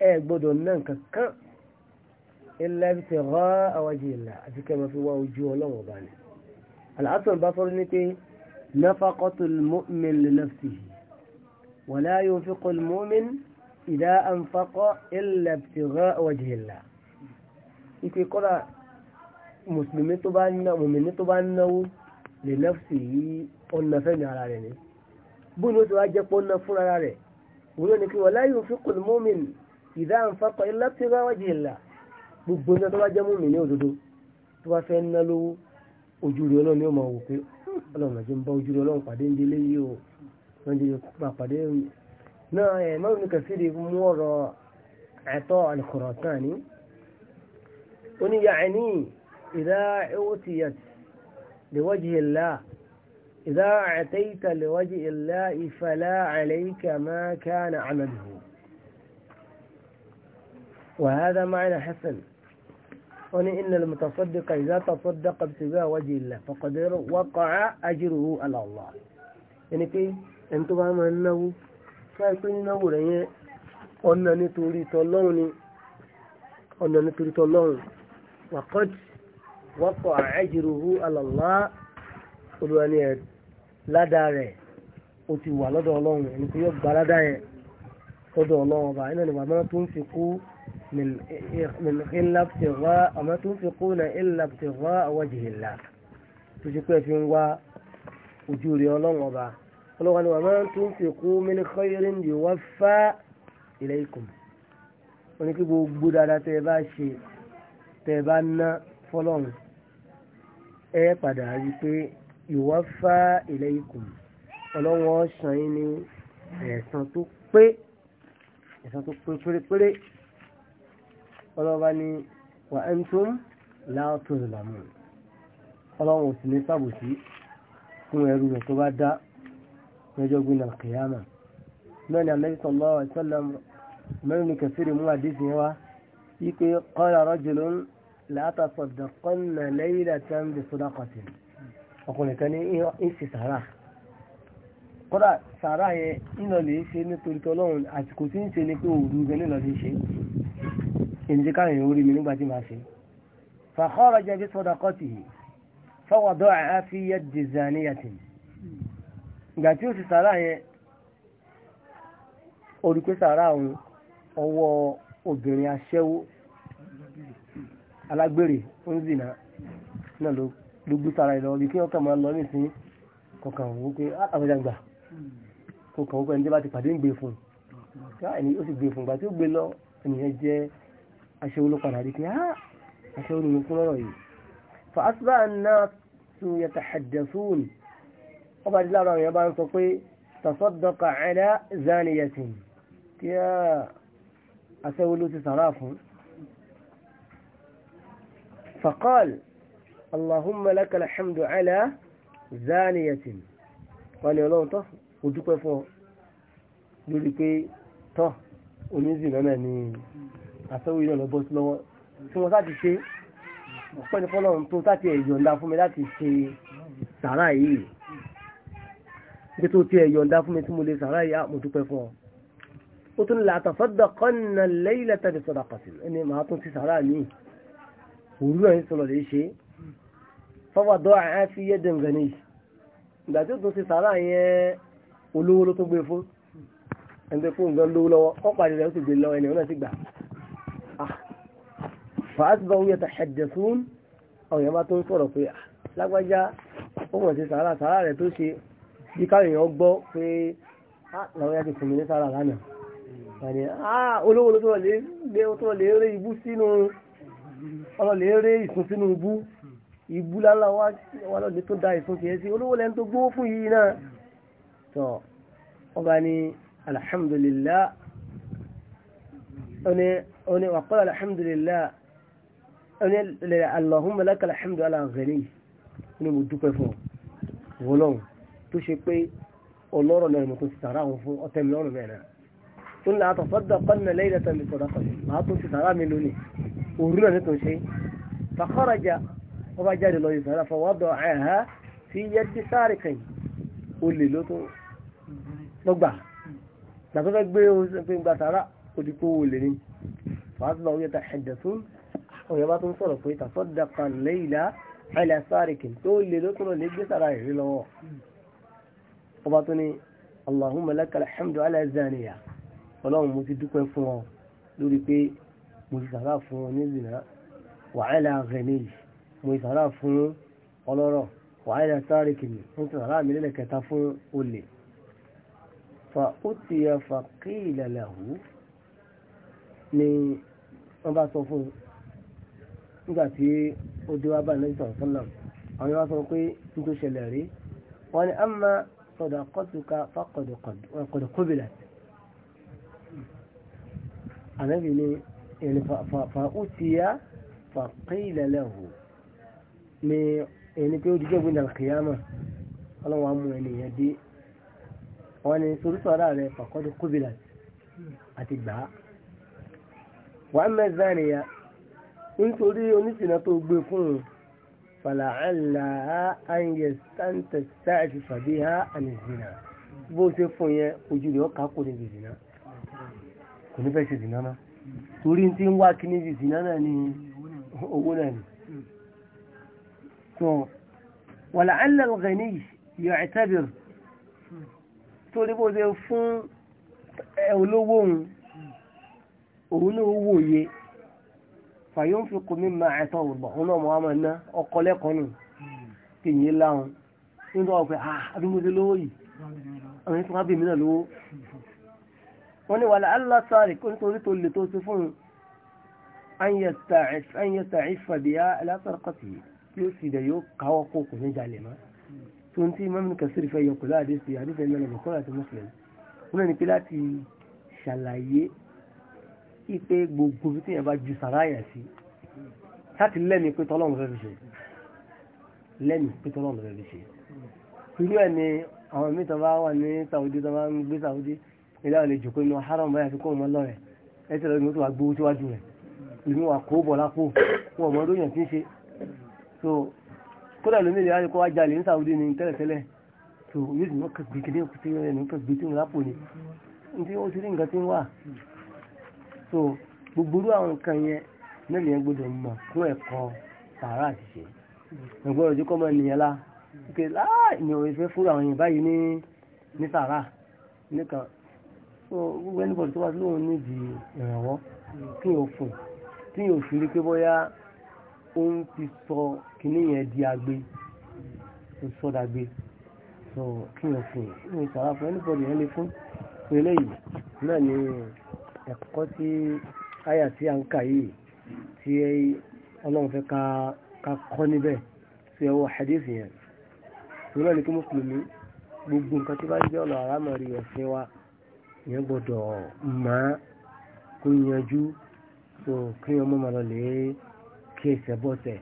ẹ gbọ́dọ̀ ná nǹkan kan ilẹ̀ ti rọ́ àwájú ìlà àti kẹ́ máa fi wá ojú ọlọ́run ọba ni al-Hasan al-Basri ní pé nafaqatul mu'min li nafsihi wa la yunfiqul mu'min idha anfaqa illa ibtigha'a wajhi Allah ipe kọ́ra mùsùlùmí tó bá ná mùmìnì tó bá náwó li nafsihi ọ̀nà fẹ́mi ara rẹ̀ ni bóyá ó ti wá jẹ́ pọ́n ná fúnra rẹ̀ wọ́n ní kí wa la yunfiqul mu'min ìdá àǹfààkọ̀ ilá tí ó bá wájú ìlà gbogbo ní ọdún wá jẹ́ múmi ní òdodo tó bá fẹ́ ná lówó ojú rẹ̀ ọlọ́run yóò máa wò pé ọlọ́run àti ń bá ojú rẹ̀ ọlọ́run pàdé ń délé yìí o wọ́n jẹ́ kópa pàdé náà ẹ̀ mọ́rùn ní kẹfìrí mú ọ̀rọ̀ ẹ̀tọ́ al-Khurasani ó ní yàní ìdá ẹwọ́ ti yà lèwọ́jì ìlà ìdá àtẹ́yìtà lèwọ́jì ìlà ìfàlà àlẹ́yìkà máa kánà وهذا معنى حسن وني إن المتصدق إذا تصدق ابتغاء وجه الله فقد وقع أجره على الله يعني كي أنتم بهم أنه فأكون أنه رأيه أنني نتوري طلوني أنني نتوري طلوني وقد وقع أجره على الله قلوا أني لا داري أتي ولد الله يعني كي يبقى لا داري قدوا الله وبعين أنه ما تنفقوا من من إلا ابتغاء ما تنفقون إلا ابتغاء وجه الله تشكوا في نوا أجوري الله وبا قالوا وما تنفقوا من خير يوفى إليكم ونكي بودا لا تباشي تبانا فلون ẹ padà rí pé yuwaffa ilaykum ọlọ́wọ́ ṣàn yín ní ẹ̀san tó pé ẹ̀san tó ọlọ́ba ní wà ẹ́ tó láàtò ìlàmù ọlọ́run ò sì ní sàbòsí fún ẹrú rẹ̀ tó bá dá lọ́jọ́ gbìnà kìyàmà náà ni Ànábì sallallahu alaihi wasallam mẹ́rin ní kẹfìrì mú àdísì wa wípé qala rajulun la'atasaddaqanna laylatan bi sadaqatin ọkùnrin kan ní ìsì sàrà kọ́dà yẹn ńlọ ṣe nítorí tọ́lọ́run àsìkò tí ń ṣe ni pé òru gan ṣe ìjẹ́ káwọn èèyàn orí mi nígbà tí ṣe fa kharaja bi sadaqatihi fa wada'aha fi yadi zaniyatin ìgbà tí ó sì sàárà yẹn orí sàárà òun ọwọ́ obìnrin aṣẹ́wó alágbèrè ń zìnà náà ló sàárà ìlọ kí wọ́n máa lọ kọkàn òun pé ah, kọkàn òun pé ẹni tí bá ti pàdé ń gbé fún un ẹni ó sì aṣẹ́wó ló padà rí pé á aṣẹ́wó ló kún lọ́rọ̀ yìí fa asbá náà tún yàtà hajjasun ọba dí lára àwọn ń sọ pé tasaddaka ala zaniyatin kí á aṣẹ́wó ti sàrà fún فقال اللهم لك الحمد على زانية wọ́n ni ọlọ́run tọ́ kò dúpẹ́ fún ọ lórí pé tọ́ onízìnà ni àfẹ́wò iná lọ́bọ́ sí lọ́wọ́ tí wọ́n sáti ṣe ọ̀pẹ́ ní fọ́lọ́run tó sáti ẹ̀yọ̀ǹda fún mi láti ṣe sàárà yìí ní tó ti ẹ̀yọ̀ǹda fún mi tí mo lè sàárà yìí mo dúpẹ́ fún ọ ó tún lè àtàfọ́dọ̀kọ́nà lẹ́yìn lẹ́tàbí sọ̀dà pàṣẹ ẹni màá tún ti sàárà mi òwúrọ̀ yìí sọ̀rọ̀ lè ṣe fọ́wọ́dọ́ àáfi yé fàásìbáwó yẹ tàṣẹ̀dẹ̀ fún ọ̀yàn bá tó ń sọ̀rọ̀ pé lágbájá ó mọ̀ sí sàárà sàárà rẹ̀ tó ṣe bí káyọ̀ gbọ́ pé láwọn yá ti fún mi ní sàárà lánàá yàní olówó ló tọ́rọ̀ lè rẹ́ ibú sínú ọ̀rọ̀ lè rẹ́ ìsun sínú ibú ibú lálá wà lọ́lẹ̀ tó da ìsun tiẹ̀ sí olówó lẹ́nu tó gbówó fún yìí náà tọ́ wọ́n bá ní alhamdulillah ó ní wàkọ́lá alhamdulillah Allahumma lakal hamdu ala ghani ní mo dúpẹ́ fún wọlọ́n tó ṣe pé ọlọ́rọ̀ náà mo tún ti tààrà wọn fún ọtẹ mi lọ́rùn mẹ́rin tó ń la atasaddaqanna laylatan bi sadaqati màá tún ti tààrà mi lónìí òru náà ní tó ń ṣe fa kharaja wọ́n bá jáde lọ ìsàrà ọ̀rẹ́ bá tún sọ̀rọ̀ pé tàfọ́dàkà lẹ́yìnlá àìlàsáàrìkì tó lè lókùnrin lè gbé sára ìrí lọ́wọ́ ọba tó ní allahumma lakal hamdu ala zaniya ọlọ́run mo ti dúpẹ́ fún ọ lórí pé mo ti sàrà fún ọ ní zina wa ala ghani mo ti wọ́n bá sọ fún nígbà tí ó dé wá bá nàbí sọ̀rọ̀sọ́nà àwọn yóò wá sọ pé n tó ṣẹlẹ̀ rí wọn ni amma sadaqatuka faqad qubilat ànábì ni ẹni fàútìyà faqila lahu ni ẹni pé ó di jẹ́gbìn dàlkìyàmà ọlọ́wọ́ mú ẹni yẹn dé wọn ni sorúsọ̀rọ̀ rẹ faqad qubilat àti gbà á wàá nítorí oníṣìnà tó gbé fún un fàlàhálà àyè sáńtẹ̀sá àti fàbí ha ànìzìnà bó ṣe fún yẹn ojú rẹ̀ ọkà kò níbi ìzìnà kò ní fẹ́ ṣe ìzìnà náà torí tí ń wá kí níbi ìzìnà náà ni owó náà ni. wàlàhálà ọ̀gẹ̀ni yóò ẹ̀tẹ́bìr torí bó ṣe fún olówó òun òun náà wòye fàyọ́n fi kò mí máa ẹ̀tọ́ ọ̀gbọ̀n òun náà mọ̀ àmọ́ iná ọkọ̀ lẹ́kọ̀ọ́ nù kí yìí láhùn nínú ọ̀pẹ àdúgbòdì lówó yìí àwọn ètò wábì mí náà lówó. wọ́n ní wàhálà aláṣàárì kó nítorí tó lè tó ṣe fún anyẹ̀tà ìfàdíyà alásàrọ̀kọ̀tì tí ó sì dẹ̀ yóò káwọ́ ipe gbogbo tí yẹn bá ju sàráyà sí láti lẹ́mìí pé tọ́lọ́run fẹ́ fi ṣe lẹ́mìí pé tọ́lọ́run fẹ́ ṣe irú ẹ̀ ni àwọn mìíràn bá wà ní Saudi tó bá ń gbé Saudi ilé àwọn ìlejò pé inú haram báyà fi kó wọn lọ rẹ̀ ẹ wa kó bọ̀ lápò wọn ò so kódà lómi ìlera kó wá ní Saudi ní tẹ́lẹ̀tẹ́lẹ̀ so yóò sì mọ́ kẹ́gbẹ́kẹ́dẹ́ ni ní tí ó ti rí nǹkan tí wà so gbogbo àwọn nǹkan yẹn mẹ́rin yẹn gbọ́dọ̀ mọ̀ fún ẹ̀kọ́ sàárà àṣìṣe ẹ̀gbọ́n òjò kọ́ mọ́ ènìyàn lá pé láàyè òye fẹ́ fúra àwọn èèyàn báyìí ní ní sàárà nìkan so gbogbo ẹni bọ̀dọ̀ tó wá lóun níbi ìrànwọ́ kí yóò fún kí yóò fi rí pé bóyá ó ń ti sọ kíní yẹn di agbe ó sọdà gbé so kí yóò fún yẹn ní sàárà fún ẹni bọ̀dọ̀ yẹn lè fún eléyìí náà ni ẹ̀kọ́ tí àyà tí a ń kà yìí tí ọlọ́run fẹ́ ká kọ́ níbẹ̀ tí ẹwọ́ hadith yẹn tó náà ní kí mùsùlùmí gbogbo nǹkan tí bá jẹ́ ọ̀nà àrámọ̀rí ẹ̀sìn wa ìyẹn gbọ́dọ̀ mọ̀ á kó yanjú tó kí ọmọ màá lọ lè kí ẹsẹ̀ bọ́sẹ̀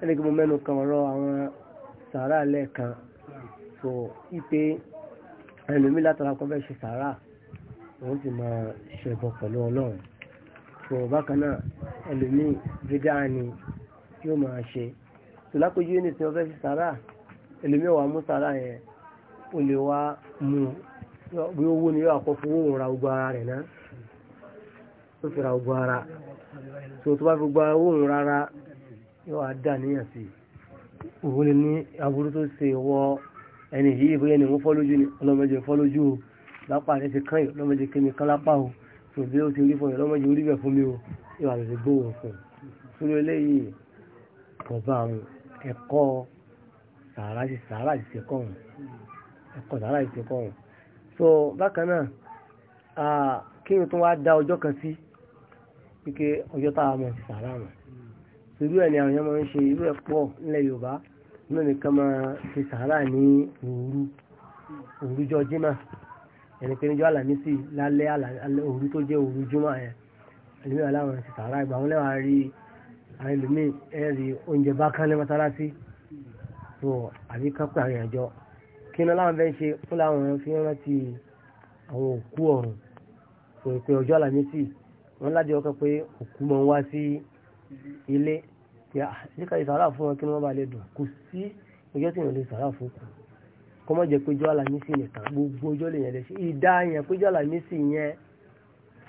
ẹni kí mo mẹ́nu kan ọ̀rọ̀ àwọn sàárà lẹ́ẹ̀kan tó ipe ẹlòmí kan fẹ́ ṣe sàárà wọ́n sì máa ṣẹ̀bọ̀ pẹ̀lú ọlọ́run tó bákan náà ẹlòmíì bídá ni yóò máa ṣe tó lápèjú ní tí wọ́n fẹ́ fi sàrà ẹlòmíì wà mú sàrà yẹn ó lè wá mú bí owó ni yóò àkọ́ fowó ra gbogbo ara rẹ̀ náà tó fi ra gbogbo ara tó tó bá fi gba owó rárá yóò wá dà níyàn sí òun lè ní aburú tó ṣe wọ ẹni yìí bóyá ni wọ́n fọ́ lójú ni ọlọ́mọdé fọ́ lójú o lápá rẹ̀ ti kán lọ́mọdé kémi kán lápá o tó bí ó ti rí fún mi lọ́mọdé orí bẹ̀ fún mi o yóò àlọ́ gbóhùn fún un sórí eléyìí kọ̀ọ̀bá àwọn ẹ̀kọ́ sàárà sí sàárà sí ẹ̀kọ́ ọ̀hún ẹ̀kọ́ sàárà sí ẹ̀kọ́ ọ̀hún so bákan náà kí n tún wá da ọjọ́ kan sí pípé ọjọ́ táwa mọ̀ sí sàárà mọ̀ irú ẹ̀ ni àwọn èèyàn máa ń ṣe irú ẹ̀ pọ̀ nílẹ̀ Yorùbá náà nìkan máa ṣe sàárà ní òru òru jọ jimá ẹni pé níjọ́ àlàmísì lálẹ́ òru tó jẹ́ òru júmọ́ yẹn ẹlòmíì aláwọn ti sàárà ìgbà wọn lẹ́wọ̀n rí àwọn ẹlòmíì ẹ̀rí oúnjẹ bá kán ní mọ́sálásí tó àbí kápẹ́ àwọn ìrìnàjò kí ni láwọn fẹ́ ṣe fún láwọn fi rántí àwọn òkú ọ̀run kò pé ọjọ́ àlàmísì wọn lájọ ọkọ pé òkú mọ́ wá sí ilé tí a ah, ṣe ká ìsàárà fún wọn kí wọ́n bá lè dùn kò sí ọjọ́ tí wọ́n lè sàárà fún kù kọmọ jẹ péjọ alamisi nìkan gbogbo ọjọ́ lè yẹn lè ìdá yẹn péjọ alamisi yẹn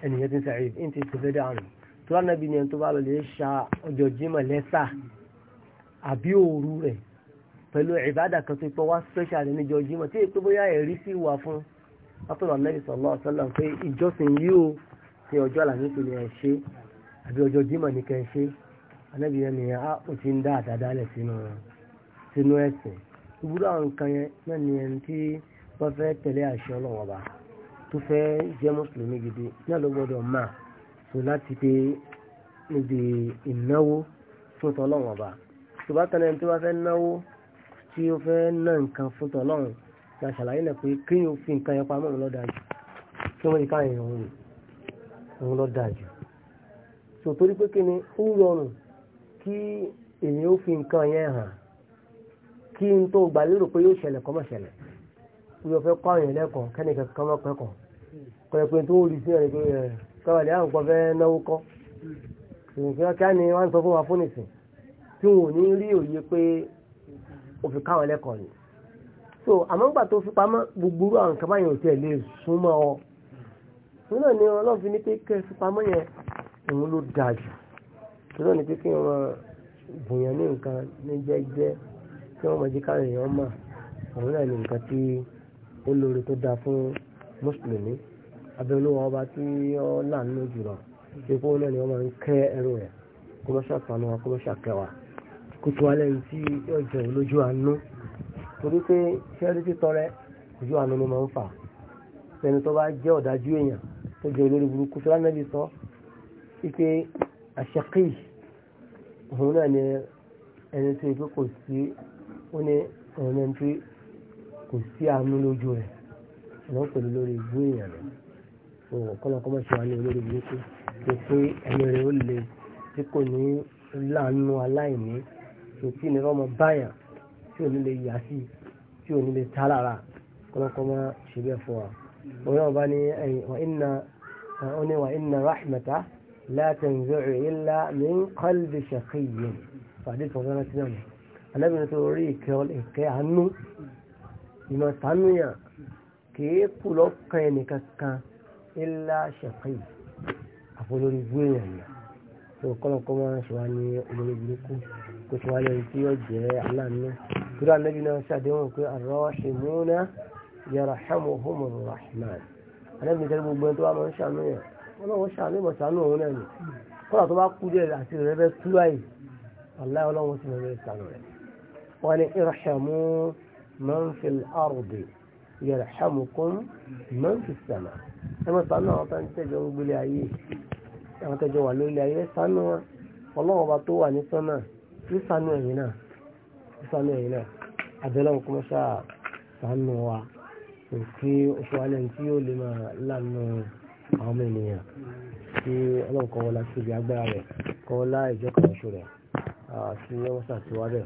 ẹnìyẹn ti ń sàrí ní ti ṣẹlẹ̀ dànù tó rà nàbí ni ẹni tó bá lọ lè ṣa ọjọ́ jímọ̀ lẹsà àbí òru rẹ̀ pẹ̀lú ìbádà kan tó pọ wá special ní ọjọ́ jímọ̀ tí èpè bóyá ẹ̀rí sì wà fún látọ̀dọ̀ Ànábì sallallahu alaihi wasallam pé ìjọsìn yìí ó ti ọjọ́ alamisi ni ẹ ṣe àbí ọjọ́ jímọ̀ ni kẹ ṣe Ànábì yẹn nìyẹn á ò ti ń dá àdáda lẹ sínú ẹsìn ìbúrú àwọn nǹkan yẹn náà ni ẹni tí wọ́n fẹ́ tẹ̀lé àṣẹ ọlọ́wọ́n ọba tó fẹ́ jẹ́ mùsùlùmí gidi náà ló gbọ́dọ̀ mà so láti pé níbi ìnáwó fún tọ́lọ́wọ́n ọba tó bá tẹ̀lé ẹni tí wọ́n fẹ́ náwó tí ó fẹ́ ná nǹkan fún tọ́lọ́wọ́n la ṣàlàyé náà pé kéèyàn fi nǹkan yẹn pamọ́ òun lọ́dà jù kí wọ́n yíká èèyàn òun òun lọ́dà jù so pé kí ni ó rọrùn kí èèyàn ó fi nǹkan yẹn hàn kí n tó gbà lérò pé yóò ṣẹlẹ̀ kọ́mọ̀ ṣẹlẹ̀ wíwọ fẹ́ kọ́ àyàn lẹ́kọ̀ọ́ kẹ́nìkan kan mọ́ kẹ́kọ̀ọ́ kọ́yẹ pé tó rí sí ẹ̀rẹ́ pé ẹ̀ eh, káwàlẹ̀ àwọn kan fẹ́ náwó kọ́ ìrìnkìlá kí á ní wọ́n ń sọ fún wa fún ìsìn tí wọn ò ní rí òye pé ó fi káwọn lẹ́kọ̀ọ́ ni so àmọ́ gbà tó fi pamọ́ gbogbo àwọn nǹkan báyìí ò ọ ni ọlọ́run ni pé kí bùnyàn ní nǹkan ní jẹ́jẹ́ tí wọ́n mọ̀ jí káwọn èèyàn mọ̀ òun náà ní nǹkan tí ó lóore tó dáa fún mùsùlùmí abẹ́olówó ọba tí ó láàánú jùlọ tí kó náà ni wọ́n máa ń kẹ́ ẹrù rẹ̀ kó lọ́ ṣàtàánú wa kó lọ́ ṣàkẹwà kó tó alẹ́ yìí tí yóò jẹ́ olójú àánú torí pé ṣẹ́rí títọrẹ ojú àánú ni máa ń fà ẹni tó bá jẹ́ ọ̀dájú èèyàn tó jẹ́ olórí burúkú tó lánàbí sọ wípé àṣẹkì òun náà ni ẹni tó yẹ pé sí ó ní ọ̀rọ̀ ẹni pé kò sí àánú lójú rẹ̀ ọ̀nà pẹ̀lú lórí ìgbó èèyàn rẹ̀ òwò kọ́lọ́kọ́ mọ̀ sí wa ní olórí burúkú tó pé ẹni rẹ̀ ó le tí kò ní láàánú aláìní tó tí ní rọ́mọ báyà tí ò ní lè yà sí tí ò ní lè tá lára kọ́lọ́kọ́ mọ̀ ṣe bẹ́ẹ̀ fún wa. òun náà bá ní wa inna rahmata la tanzi'u illa min qalbi shaqiyyin fàdé tó rárá anábìnrin tó rí ìkẹ́ àánú ìmọ̀ tánúyàn kìí kù lọ́kàn ẹnìkan kan ilá ṣẹ̀kì àfolórí bú èèyàn ni tó kọ́lọ́kọ́ máa ṣe wá ní olórí burúkú kó ṣe wá lẹ́yìn tí yóò jẹ́ aláàánú kúrò anábì náà ṣàdéhùn pé ar-rahimuna yarhamuhumur rahman anábì tẹ́lẹ̀ gbogbo ẹni tó wá máa ń ṣàánú yẹn wọ́n náà ṣàánú ìmọ̀ ṣàánú òun kọ́lá tó bá kú wọ́n ní irhamu man fil ardi yarhamukum man fis sama ẹ mọ̀ sánú àwọn tó ń tẹ̀jọ ń gbélé ayé àwọn tẹ̀jọ wà lórí ayé sánú wọn ọlọ́wọ́ bá tó wà ní sánà ní sánú ẹ̀yìn náà ní sánú ẹ̀yìn náà àbẹ̀lẹ̀ kọ́mọ́ṣà sánú wa òkè oṣù alẹ́ tí yóò lè máa lánà àwọn ọmọ ènìyàn tí ọlọ́run kọ́wọ́lá síbi agbára rẹ̀ kọ́wọ́lá ìjọkọ̀ ọ̀ṣọ́ rẹ̀ àti ọmọ sàtìwá rẹ̀